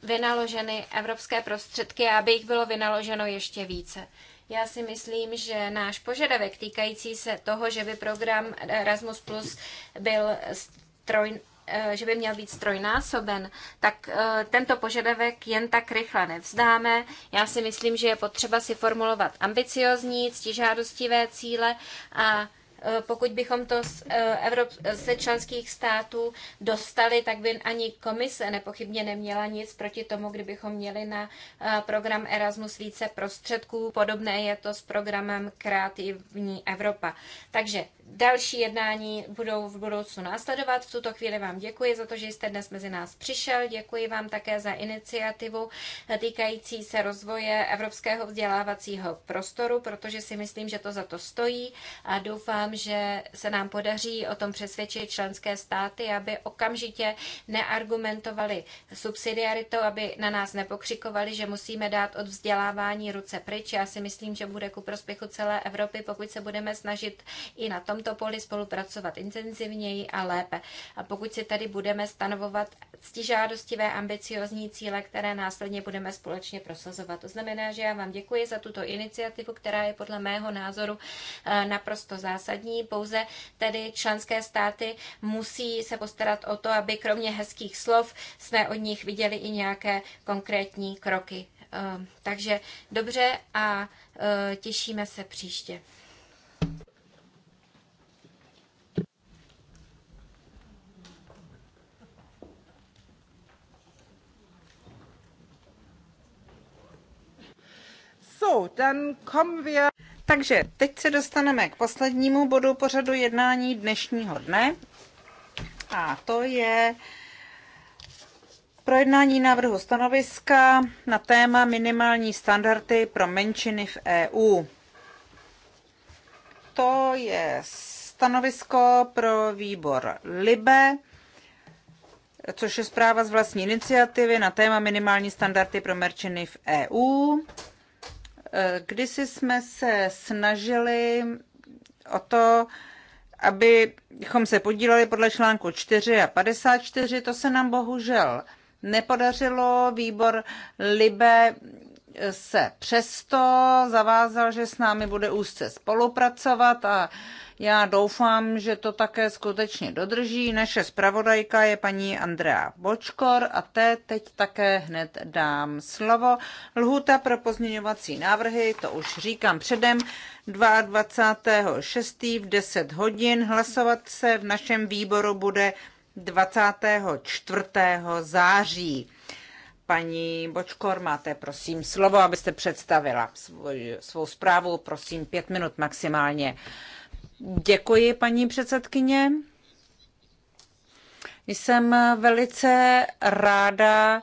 vynaloženy evropské prostředky a aby jich bylo vynaloženo ještě více. Já si myslím, že náš požadavek týkající se toho, že by program Erasmus Plus byl stroj, eh, že by měl být strojnásoben, tak eh, tento požadavek jen tak rychle nevzdáme. Já si myslím, že je potřeba si formulovat ambiciozní, ctižádostivé cíle a Eh, pokud bychom to z, eh, Evrop, ze členských států dostali, tak by ani komise nepochybně neměla nic proti tomu, kdybychom měli na eh, program Erasmus více prostředků. Podobné je to s programem Kreativní Evropa. Takže Další jednání budou v budoucnu následovat. V tuto chvíli vám děkuji za to, že jste dnes mezi nás přišel. Děkuji vám také za iniciativu týkající se rozvoje evropského vzdělávacího prostoru, protože si myslím, že to za to stojí a doufám, že se nám podaří o tom přesvědčit členské státy, aby okamžitě neargumentovali subsidiaritou, aby na nás nepokřikovali, že musíme dát od vzdělávání ruce pryč. Já si myslím, že bude ku prospěchu celé Evropy, pokud se budeme snažit i na tom tomto poli spolupracovat intenzivněji a lépe. A pokud si tady budeme stanovovat ctižádostivé ambiciozní cíle, které následně budeme společně prosazovat. To znamená, že já vám děkuji za tuto iniciativu, která je podle mého názoru eh, naprosto zásadní. Pouze tedy členské státy musí se postarat o to, aby kromě hezkých slov jsme od nich viděli i nějaké konkrétní kroky. Eh, takže dobře a eh, těšíme se příště. So, then kommen wir... Takže teď se dostaneme k poslednímu bodu pořadu jednání dnešního dne. A to je projednání návrhu stanoviska na téma minimální standardy pro menšiny v EU. To je stanovisko pro výbor LIBE, což je zpráva z vlastní iniciativy na téma minimální standardy pro menšiny v EU. Kdysi jsme se snažili o to, abychom se podíleli podle článku 4 a 54, to se nám bohužel nepodařilo. Výbor Libe se přesto zavázal, že s námi bude úzce spolupracovat a já doufám, že to také skutečně dodrží. Naše zpravodajka je paní Andrea Bočkor a té teď také hned dám slovo. Lhuta pro pozměňovací návrhy, to už říkám předem, 22.6. v 10 hodin. Hlasovat se v našem výboru bude 24. září. Paní Bočkor, máte prosím slovo, abyste představila svou, svou zprávu, prosím pět minut maximálně. Uh, Děkuji, paní předsedkyně. Jsem velice ráda,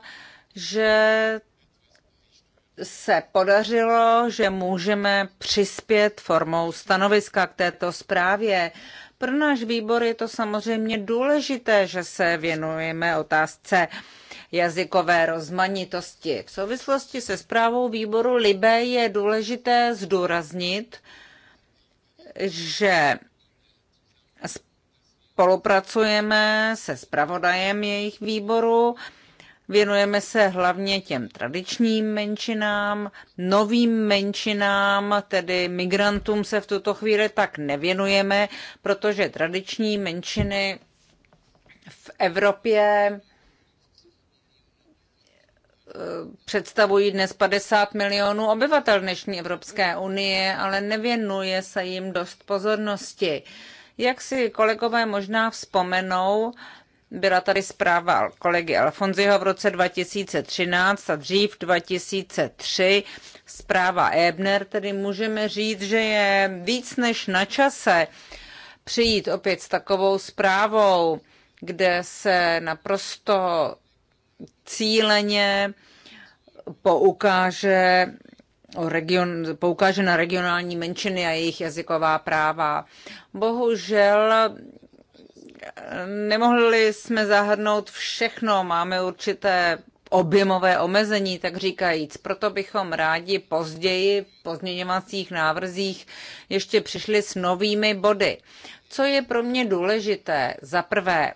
že se podařilo, že můžeme přispět formou stanoviska k této zprávě. Pro náš výbor je to samozřejmě důležité, že se věnujeme otázce jazykové rozmanitosti. V souvislosti se zprávou výboru Libe je důležité zdůraznit, že spolupracujeme se spravodajem jejich výboru, věnujeme se hlavně těm tradičním menšinám, novým menšinám, tedy migrantům se v tuto chvíli tak nevěnujeme, protože tradiční menšiny v Evropě představují dnes 50 milionů obyvatel dnešní Evropské unie, ale nevěnuje se jim dost pozornosti. Jak si kolegové možná vzpomenou, byla tady zpráva kolegy Alfonziho v roce 2013 a dřív 2003 zpráva Ebner, tedy můžeme říct, že je víc než na čase přijít opět s takovou zprávou, kde se naprosto cíleně poukáže, region, poukáže na regionální menšiny a jejich jazyková práva. Bohužel nemohli jsme zahrnout všechno, máme určité objemové omezení, tak říkajíc. Proto bychom rádi později v pozměňovacích návrzích ještě přišli s novými body. Co je pro mě důležité? Za prvé,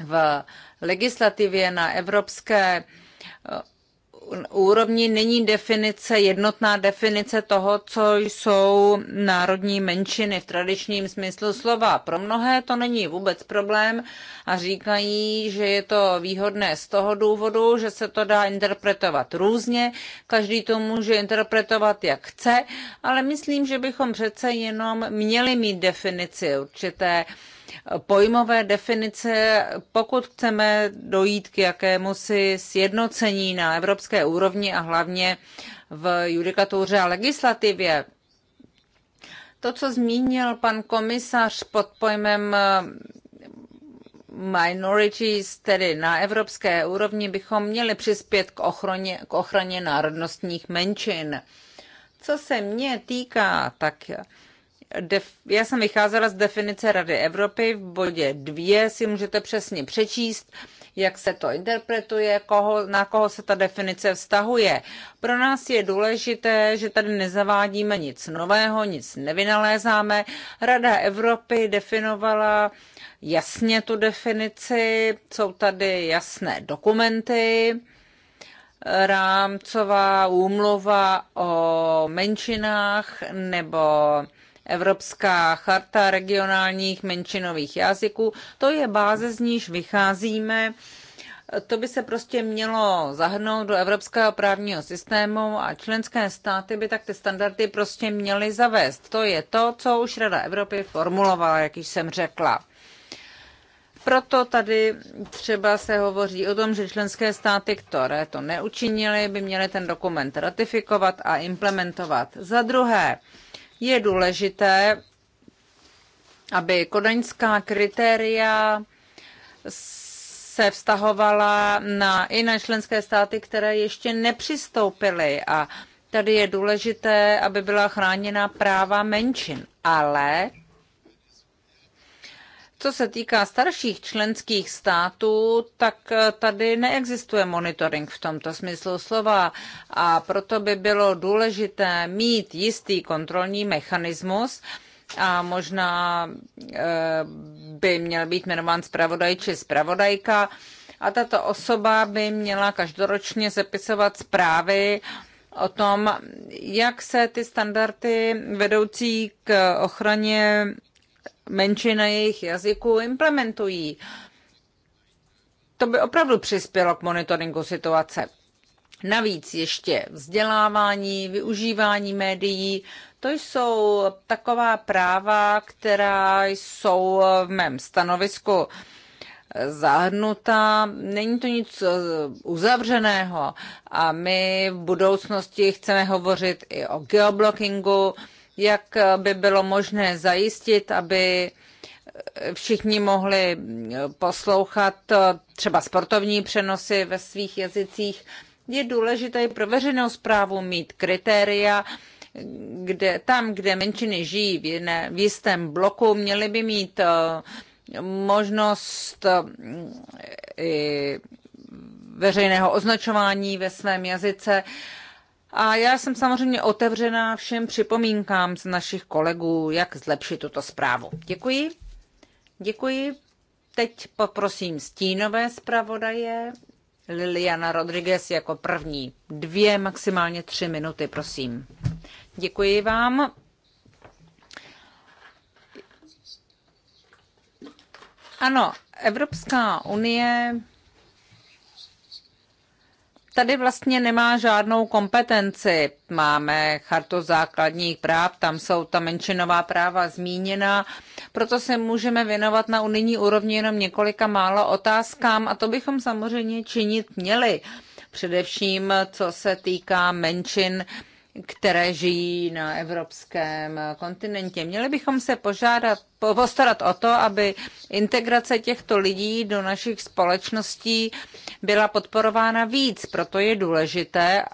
v legislativě na evropské eh, úrovni není definice, jednotná definice toho, co jsou národní menšiny v tradičním smyslu slova. Pro mnohé to není vůbec problém a říkají, že je to výhodné z toho důvodu, že se to dá interpretovat různě, každý to může interpretovat jak chce, ale myslím, že bychom přece jenom měli mít definici určité uh, pojmové definice, pokud chceme dojít k jakému si sjednocení na evropské úrovni a hlavně v judikatuře a legislativě. To, co zmínil pan komisař pod pojmem eh, minorities, tedy na evropské úrovni, bychom měli přispět k ochraně, k ochraně národnostních menšin. Co se mě týká, tak já jsem vycházela z definice Rady Evropy. V bodě 2 si můžete přesně přečíst, jak se to interpretuje, koho, na koho se ta definice vztahuje. Pro nás je důležité, že tady nezavádíme nic nového, nic nevynalézáme. Rada Evropy definovala jasně tu definici, jsou tady jasné dokumenty, rámcová úmluva o menšinách nebo Evropská charta regionálních menšinových jazyků. To je báze, z níž vycházíme. To by se prostě mělo zahrnout do evropského právního systému a členské státy by tak ty standardy prostě měly zavést. To je to, co už Rada Evropy formulovala, jak již jsem řekla. Proto tady třeba se hovoří o tom, že členské státy, které to neučinily, by měly ten dokument ratifikovat a implementovat. Za druhé, je důležité, aby kodaňská kritéria se vztahovala na, i na členské státy, které ještě nepřistoupily. A tady je důležité, aby byla chráněna práva menšin. Ale co se týká starších členských států, tak eh, tady neexistuje monitoring v tomto smyslu slova a proto by bylo důležité mít jistý kontrolní mechanismus, a možná eh, by měl být jmenován zpravodaj či zpravodajka. A tato osoba by měla každoročně zapisovat zprávy o tom, jak se ty standardy vedoucí k ochraně menšina jejich jazyků implementují. To by opravdu přispělo k monitoringu situace. Navíc ještě vzdělávání, využívání médií, to jsou taková práva, která jsou v mém stanovisku zahrnutá. Není to nic eh, uzavřeného a my v budoucnosti chceme hovořit i o geoblockingu, jak eh, by bylo možné zajistit, aby eh, všichni mohli eh, poslouchat třeba sportovní přenosy ve svých jazycích. Je důležité pro veřejnou zprávu mít kritéria, kde, tam, kde menšiny žijí v, jiné, v jistém bloku, měly by mít možnost veřejného označování ve svém jazyce. A já jsem samozřejmě otevřená všem připomínkám z našich kolegů, jak zlepšit tuto zprávu. Děkuji. Děkuji. Teď poprosím stínové zpravodaje. Liliana Rodriguez jako první. Dvě, maximálně tři minuty, prosím. Děkuji vám. Ano, Evropská unie tady vlastně nemá žádnou kompetenci. Máme charto základních práv, tam jsou ta menšinová práva zmíněna, proto se můžeme věnovat na unijní úrovni jenom několika málo otázkám a to bychom samozřejmě činit měli. Především, co se týká menšin které žijí na evropském kontinentě. Měli bychom se požádat, postarat o to, aby integrace těchto lidí do našich společností byla podporována víc. Proto je důležité,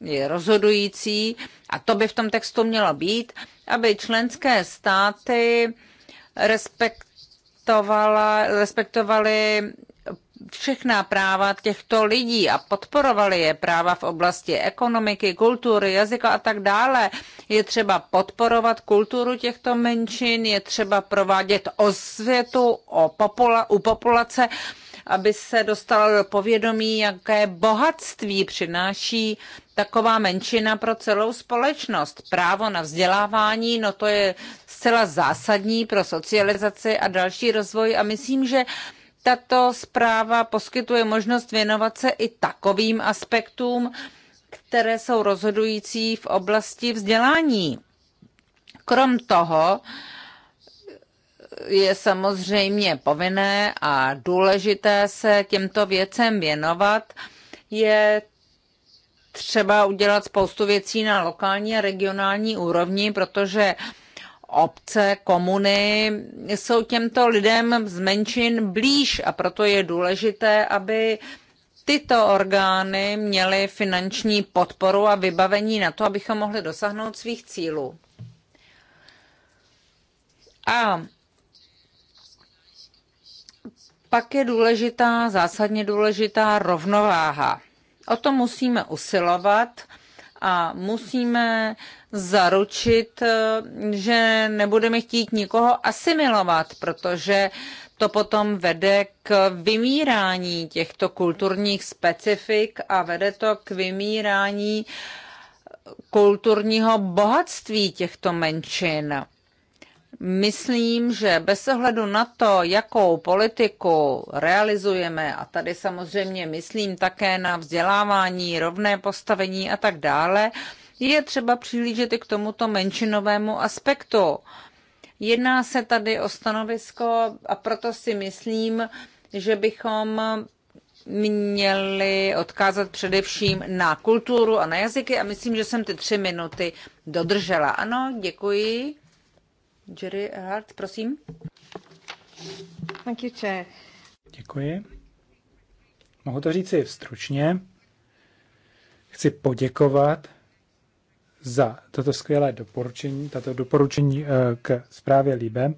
je rozhodující, a to by v tom textu mělo být, aby členské státy respektovala, respektovaly všechna práva těchto lidí a podporovali je práva v oblasti ekonomiky, kultury, jazyka a tak dále. Je třeba podporovat kulturu těchto menšin, je třeba provádět osvětu o popula- u populace, aby se dostalo do povědomí, jaké bohatství přináší taková menšina pro celou společnost. Právo na vzdělávání, no to je zcela zásadní pro socializaci a další rozvoj a myslím, že tato zpráva poskytuje možnost věnovat se i takovým aspektům, které jsou rozhodující v oblasti vzdělání. Krom toho je samozřejmě povinné a důležité se těmto věcem věnovat. Je třeba udělat spoustu věcí na lokální a regionální úrovni, protože obce, komuny jsou těmto lidem z menšin blíž a proto je důležité, aby tyto orgány měly finanční podporu a vybavení na to, abychom mohli dosáhnout svých cílů. A pak je důležitá, zásadně důležitá rovnováha. O to musíme usilovat a musíme zaručit, eh, že nebudeme chtít nikoho asimilovat, protože to potom vede k vymírání těchto kulturních specifik a vede to k vymírání kulturního bohatství těchto menšin. Myslím, že bez ohledu na to, jakou politiku realizujeme, a tady samozřejmě myslím také na vzdělávání, rovné postavení a tak dále, je třeba přihlížet i k tomuto menšinovému aspektu. Jedná se tady o stanovisko a proto si myslím, že bychom měli odkázat především na kulturu a na jazyky a myslím, že jsem ty tři minuty dodržela. Ano, děkuji. Jerry Hart, prosím. Thank you, chair. Děkuji. Mohu to říci stručně. Chci poděkovat za toto skvělé doporučení, tato doporučení eh, k zprávě Líbe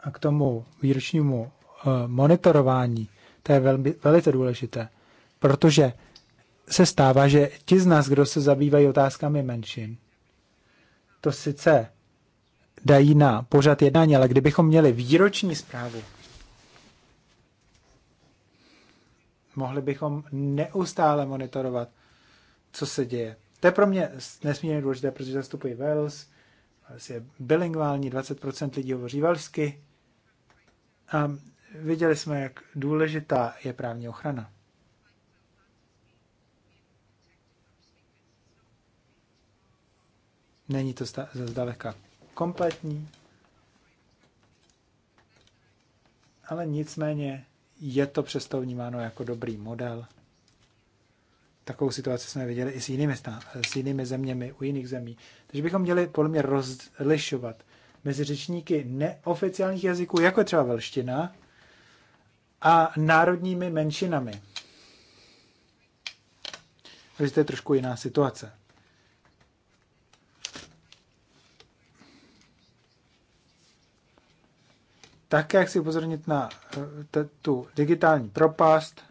a k tomu výročnímu eh, monitorování. To je velmi, velice důležité, protože se stává, že ti z nás, kdo se zabývají otázkami menšin, to sice dají na pořad jednání, ale kdybychom měli výroční zprávu, mohli bychom neustále monitorovat, co se děje. To je pro mě nesmírně důležité, protože zastupuji Wales, Wales je bilingvální, 20% lidí hovoří walesky. A viděli jsme, jak důležitá je právní ochrana. Není to zdaleka kompletní, ale nicméně je to přesto vnímáno jako dobrý model. Takovou situaci jsme viděli i s jinými, s jinými zeměmi, u jiných zemí. Takže bychom měli podle mě rozlišovat mezi řečníky neoficiálních jazyků, jako je třeba velština, a národními menšinami. Takže to je trošku jiná situace. Také chci upozornit na eh, tu digitální propast.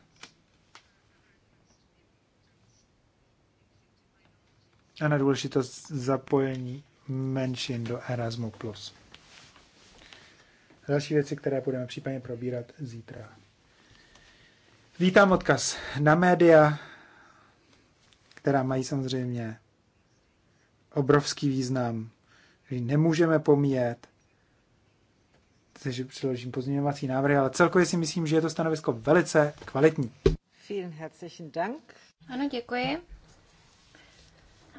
A na důležitost zapojení menšin do Erasmu+. Další věci, které budeme případně probírat zítra. Vítám odkaz na média, která mají samozřejmě obrovský význam, který nemůžeme pomíjet že přiložím pozměňovací návrhy, ale celkově si myslím, že je to stanovisko velice kvalitní. Vielen herzlichen Dank. Ano, děkuji.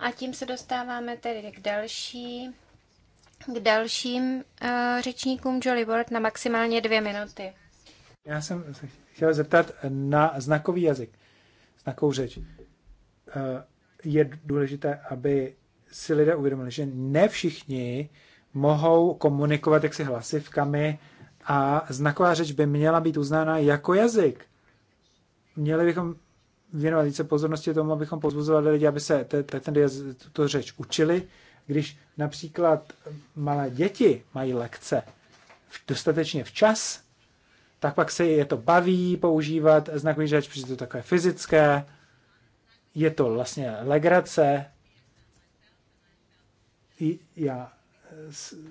A tím se dostáváme tedy k další k dalším uh, řečníkům Jolly Ward na maximálně dvě minuty. Já jsem se chtěl zeptat na znakový jazyk, znakovou řeč. Uh, je důležité, aby si lidé uvědomili, že ne všichni uh, mohou komunikovat jaksi hlasivkami a znaková řeč by měla být uznána jako jazyk. Měli bychom věnovat více pozornosti tomu, abychom pozbuzovali lidi, aby se tuto řeč učili. Když například malé děti mají lekce dostatečně včas, tak pak se je to baví používat znakový řeč, protože to je takové fyzické, je to vlastně legrace. I já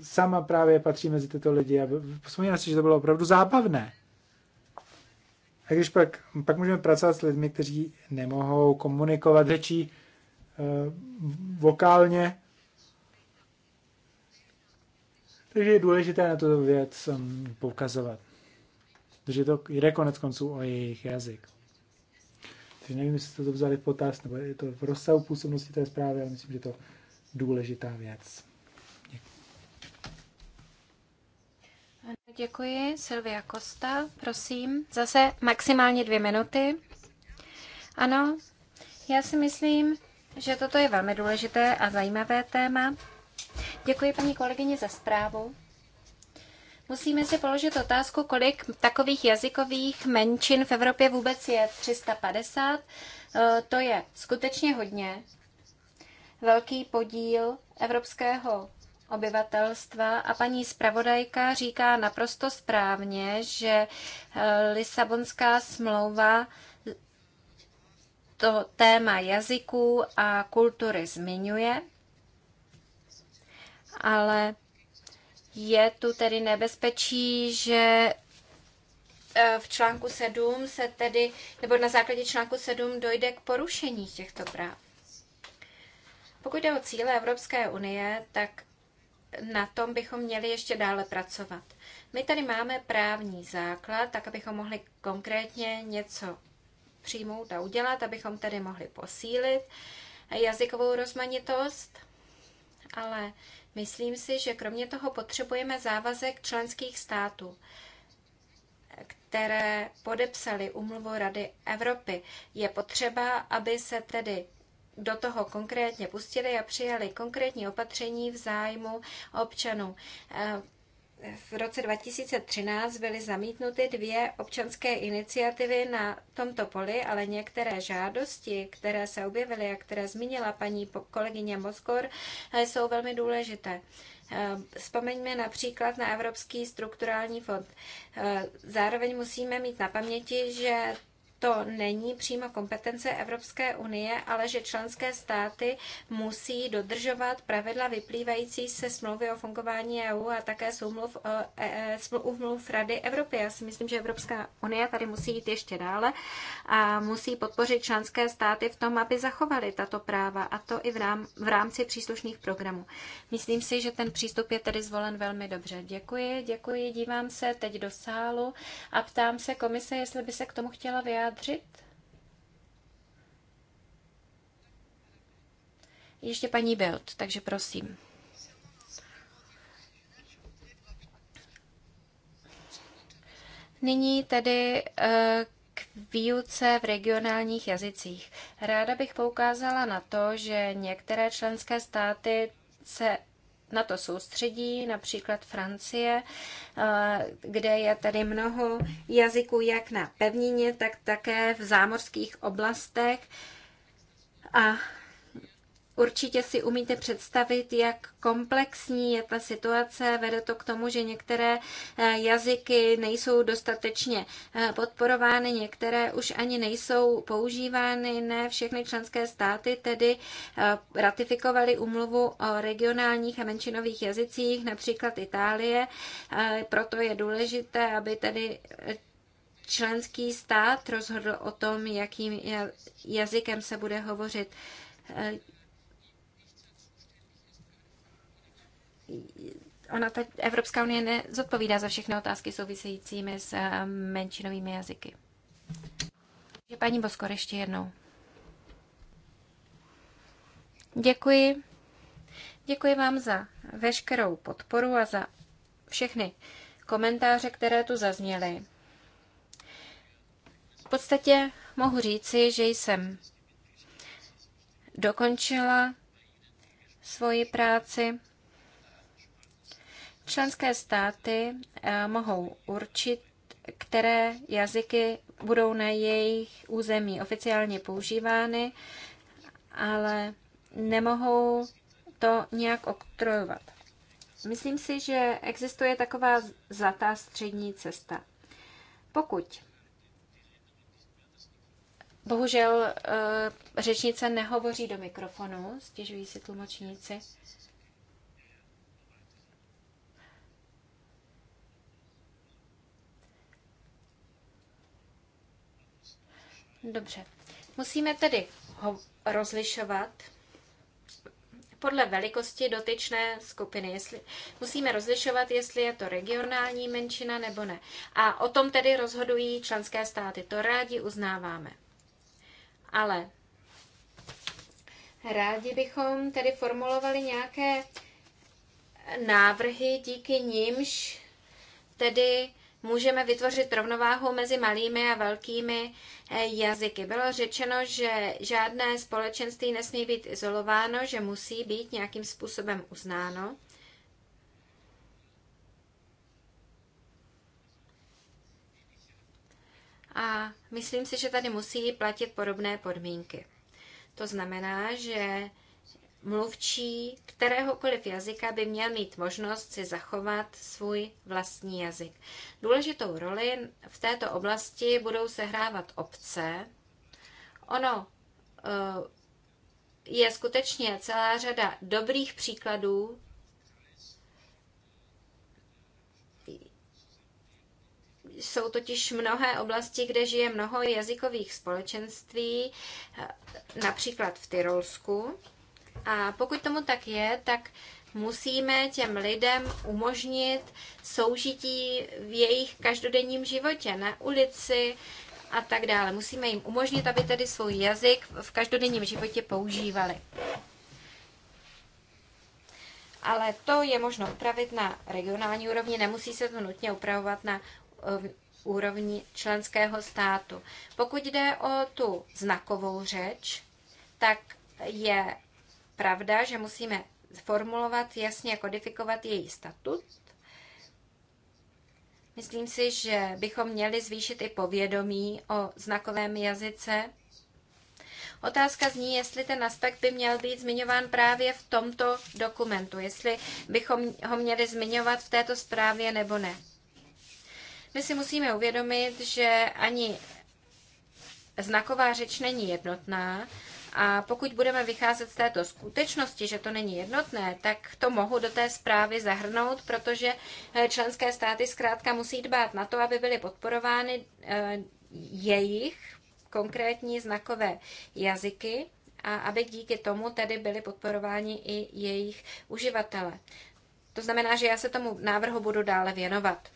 sama právě patří mezi tyto lidi a vzpomínám si, že to bylo opravdu zábavné. A když pak, pak můžeme pracovat s lidmi, kteří nemohou komunikovat řečí e, eh, vokálně, takže je důležité na tuto věc um, poukazovat. Protože to jde konec konců o jejich jazyk. Takže nevím, jestli jste to vzali v potaz, nebo je to v rozsahu působnosti té zprávy, ale myslím, že to důležitá věc. Děkuji, Silvia Kosta, prosím. Zase maximálně dvě minuty. Ano, já si myslím, že toto je velmi důležité a zajímavé téma. Děkuji paní kolegyni za zprávu. Musíme si položit otázku, kolik takových jazykových menšin v Evropě vůbec je. 350, e, to je skutečně hodně. Velký podíl evropského obyvatelstva. A paní zpravodajka říká naprosto správně, že eh, Lisabonská smlouva to téma jazyků a kultury zmiňuje, ale je tu tedy nebezpečí, že eh, v článku 7 se tedy, nebo na základě článku 7 dojde k porušení těchto práv. Pokud jde o cíle Evropské unie, tak na tom bychom měli ještě dále pracovat. My tady máme právní základ, tak abychom mohli konkrétně něco přijmout a udělat, abychom tady mohli posílit jazykovou rozmanitost, ale myslím si, že kromě toho potřebujeme závazek členských států, které podepsali umluvu Rady Evropy. Je potřeba, aby se tedy do toho konkrétně pustili a přijali konkrétní opatření v zájmu občanů. Eh, v roce 2013 byly zamítnuty dvě občanské iniciativy na tomto poli, ale některé žádosti, které se objevily a které zmínila paní kolegyně Moskor, eh, jsou velmi důležité. Eh, vzpomeňme například na Evropský strukturální fond. Zároveň musíme mít na paměti, že to není přímo kompetence Evropské unie, ale že členské státy musí dodržovat pravidla vyplývající se smlouvy o fungování EU a také smluv, e e, smluv Rady Evropy. Já si myslím, že Evropská unie tady musí jít ještě dále a musí podpořit členské státy v tom, aby zachovali tato práva a to i v, rám, v rámci příslušných programů. Myslím si, že ten přístup je tedy zvolen velmi dobře. Děkuji, děkuji, dívám se teď do sálu a ptám se komise, jestli by se k tomu chtěla vyjádřit vyjádřit? Ještě paní Bild, takže prosím. Nyní tedy eh, k výuce v regionálních jazycích. Ráda bych poukázala na to, že některé členské státy se na to soustředí, například Francie, eh, kde je tady mnoho jazyků jak na pevnině, tak také v zámořských oblastech. A Určitě si umíte představit, jak komplexní je ta situace. Vede to k tomu, že některé eh, jazyky nejsou dostatečně eh, podporovány, některé už ani nejsou používány. Ne všechny členské státy tedy eh, ratifikovaly umluvu o regionálních a menšinových jazycích, například Itálie. Proto je důležité, aby tedy členský stát rozhodl o tom, jakým jazykem se bude hovořit. ona ta Evropská unie nezodpovídá za všechny otázky souvisejícími s eh, menšinovými jazyky. Je paní Boskor ještě jednou. Děkuji. Děkuji vám za veškerou podporu a za všechny komentáře, které tu zazněly. V podstatě mohu říci, že jsem dokončila svoji práci Členské státy eh, mohou určit, které jazyky budou na jejich území oficiálně používány, ale nemohou to nějak oktrojovat. Myslím si, že existuje taková zlatá střední cesta. Pokud Bohužel eh, řečnice nehovoří do mikrofonu, stěžují si tlumočníci. Dobře. Musíme tedy ho rozlišovat podle velikosti dotyčné skupiny. Jestli, musíme rozlišovat, jestli je to regionální menšina nebo ne. A o tom tedy rozhodují členské státy. To rádi uznáváme. Ale rádi bychom tedy formulovali nějaké návrhy, díky nimž tedy můžeme vytvořit rovnováhu mezi malými a velkými eh, jazyky. Bylo řečeno, že žádné společenství nesmí být izolováno, že musí být nějakým způsobem uznáno. A myslím si, že tady musí platit podobné podmínky. To znamená, že mluvčí kteréhokoliv jazyka by měl mít možnost si zachovat svůj vlastní jazyk. Důležitou roli v této oblasti budou sehrávat obce. Ono eh, je skutečně celá řada dobrých příkladů jsou totiž mnohé oblasti, kde žije mnoho jazykových společenství, eh, například v Tyrolsku. A pokud tomu tak je, tak musíme těm lidem umožnit soužití v jejich každodenním životě, na ulici a tak dále. Musíme jim umožnit, aby tedy svůj jazyk v každodenním životě používali. Ale to je možno upravit na regionální úrovni, nemusí se to nutně upravovat na eh, úrovni členského státu. Pokud jde o tu znakovou řeč, tak je pravda, že musíme formulovat, jasně kodifikovat její statut. Myslím si, že bychom měli zvýšit i povědomí o znakovém jazyce. Otázka zní, jestli ten aspekt by měl být zmiňován právě v tomto dokumentu, jestli bychom ho měli zmiňovat v této zprávě nebo ne. My si musíme uvědomit, že ani znaková řeč není jednotná a pokud budeme vycházet z této skutečnosti, že to není jednotné, tak to mohu do té zprávy zahrnout, protože eh, členské státy zkrátka musí dbát na to, aby byly podporovány eh, jejich konkrétní znakové jazyky a aby díky tomu tedy byly podporováni i jejich uživatele. To znamená, že já se tomu návrhu budu dále věnovat.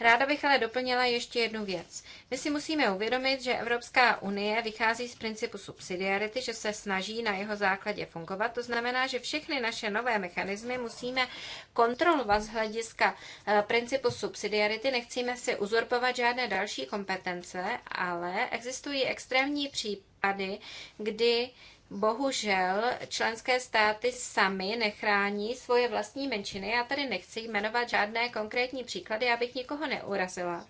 Ráda bych ale doplnila ještě jednu věc. My si musíme uvědomit, že Evropská unie vychází z principu subsidiarity, že se snaží na jeho základě fungovat. To znamená, že všechny naše nové mechanismy musíme kontrolovat z hlediska eh, principu subsidiarity. Nechcíme si uzurpovat žádné další kompetence, ale existují extrémní případy, kdy bohužel členské státy sami nechrání svoje vlastní menšiny. Já tady nechci jmenovat žádné konkrétní příklady, abych nikoho neurazila.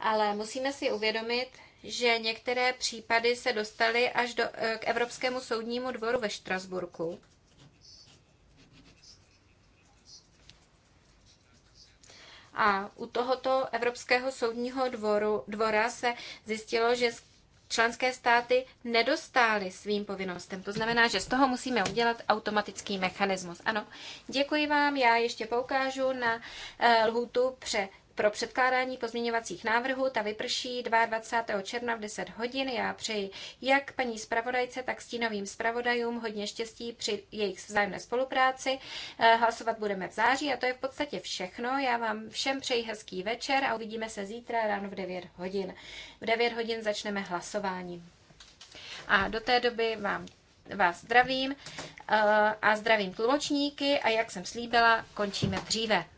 Ale musíme si uvědomit, že některé případy se dostaly až do, eh, k Evropskému soudnímu dvoru ve Štrasburku. A u tohoto Evropského soudního dvoru, dvora se zjistilo, že členské státy nedostály svým povinnostem. To znamená, že z toho musíme udělat automatický mechanismus. Ano, děkuji vám, já ještě poukážu na eh, lhutu pře pro předkládání pozměňovacích návrhů. Ta vyprší 22. června v 10 hodin. Já přeji jak paní zpravodajce, tak stínovým zpravodajům hodně štěstí při jejich vzájemné spolupráci. Eh, hlasovat budeme v září a to je v podstatě všechno. Já vám všem přeji hezký večer a uvidíme se zítra ráno v 9 hodin. V 9 hodin začneme hlasováním. A do té doby vám vás zdravím eh, a zdravím tlumočníky a jak jsem slíbila, končíme dříve.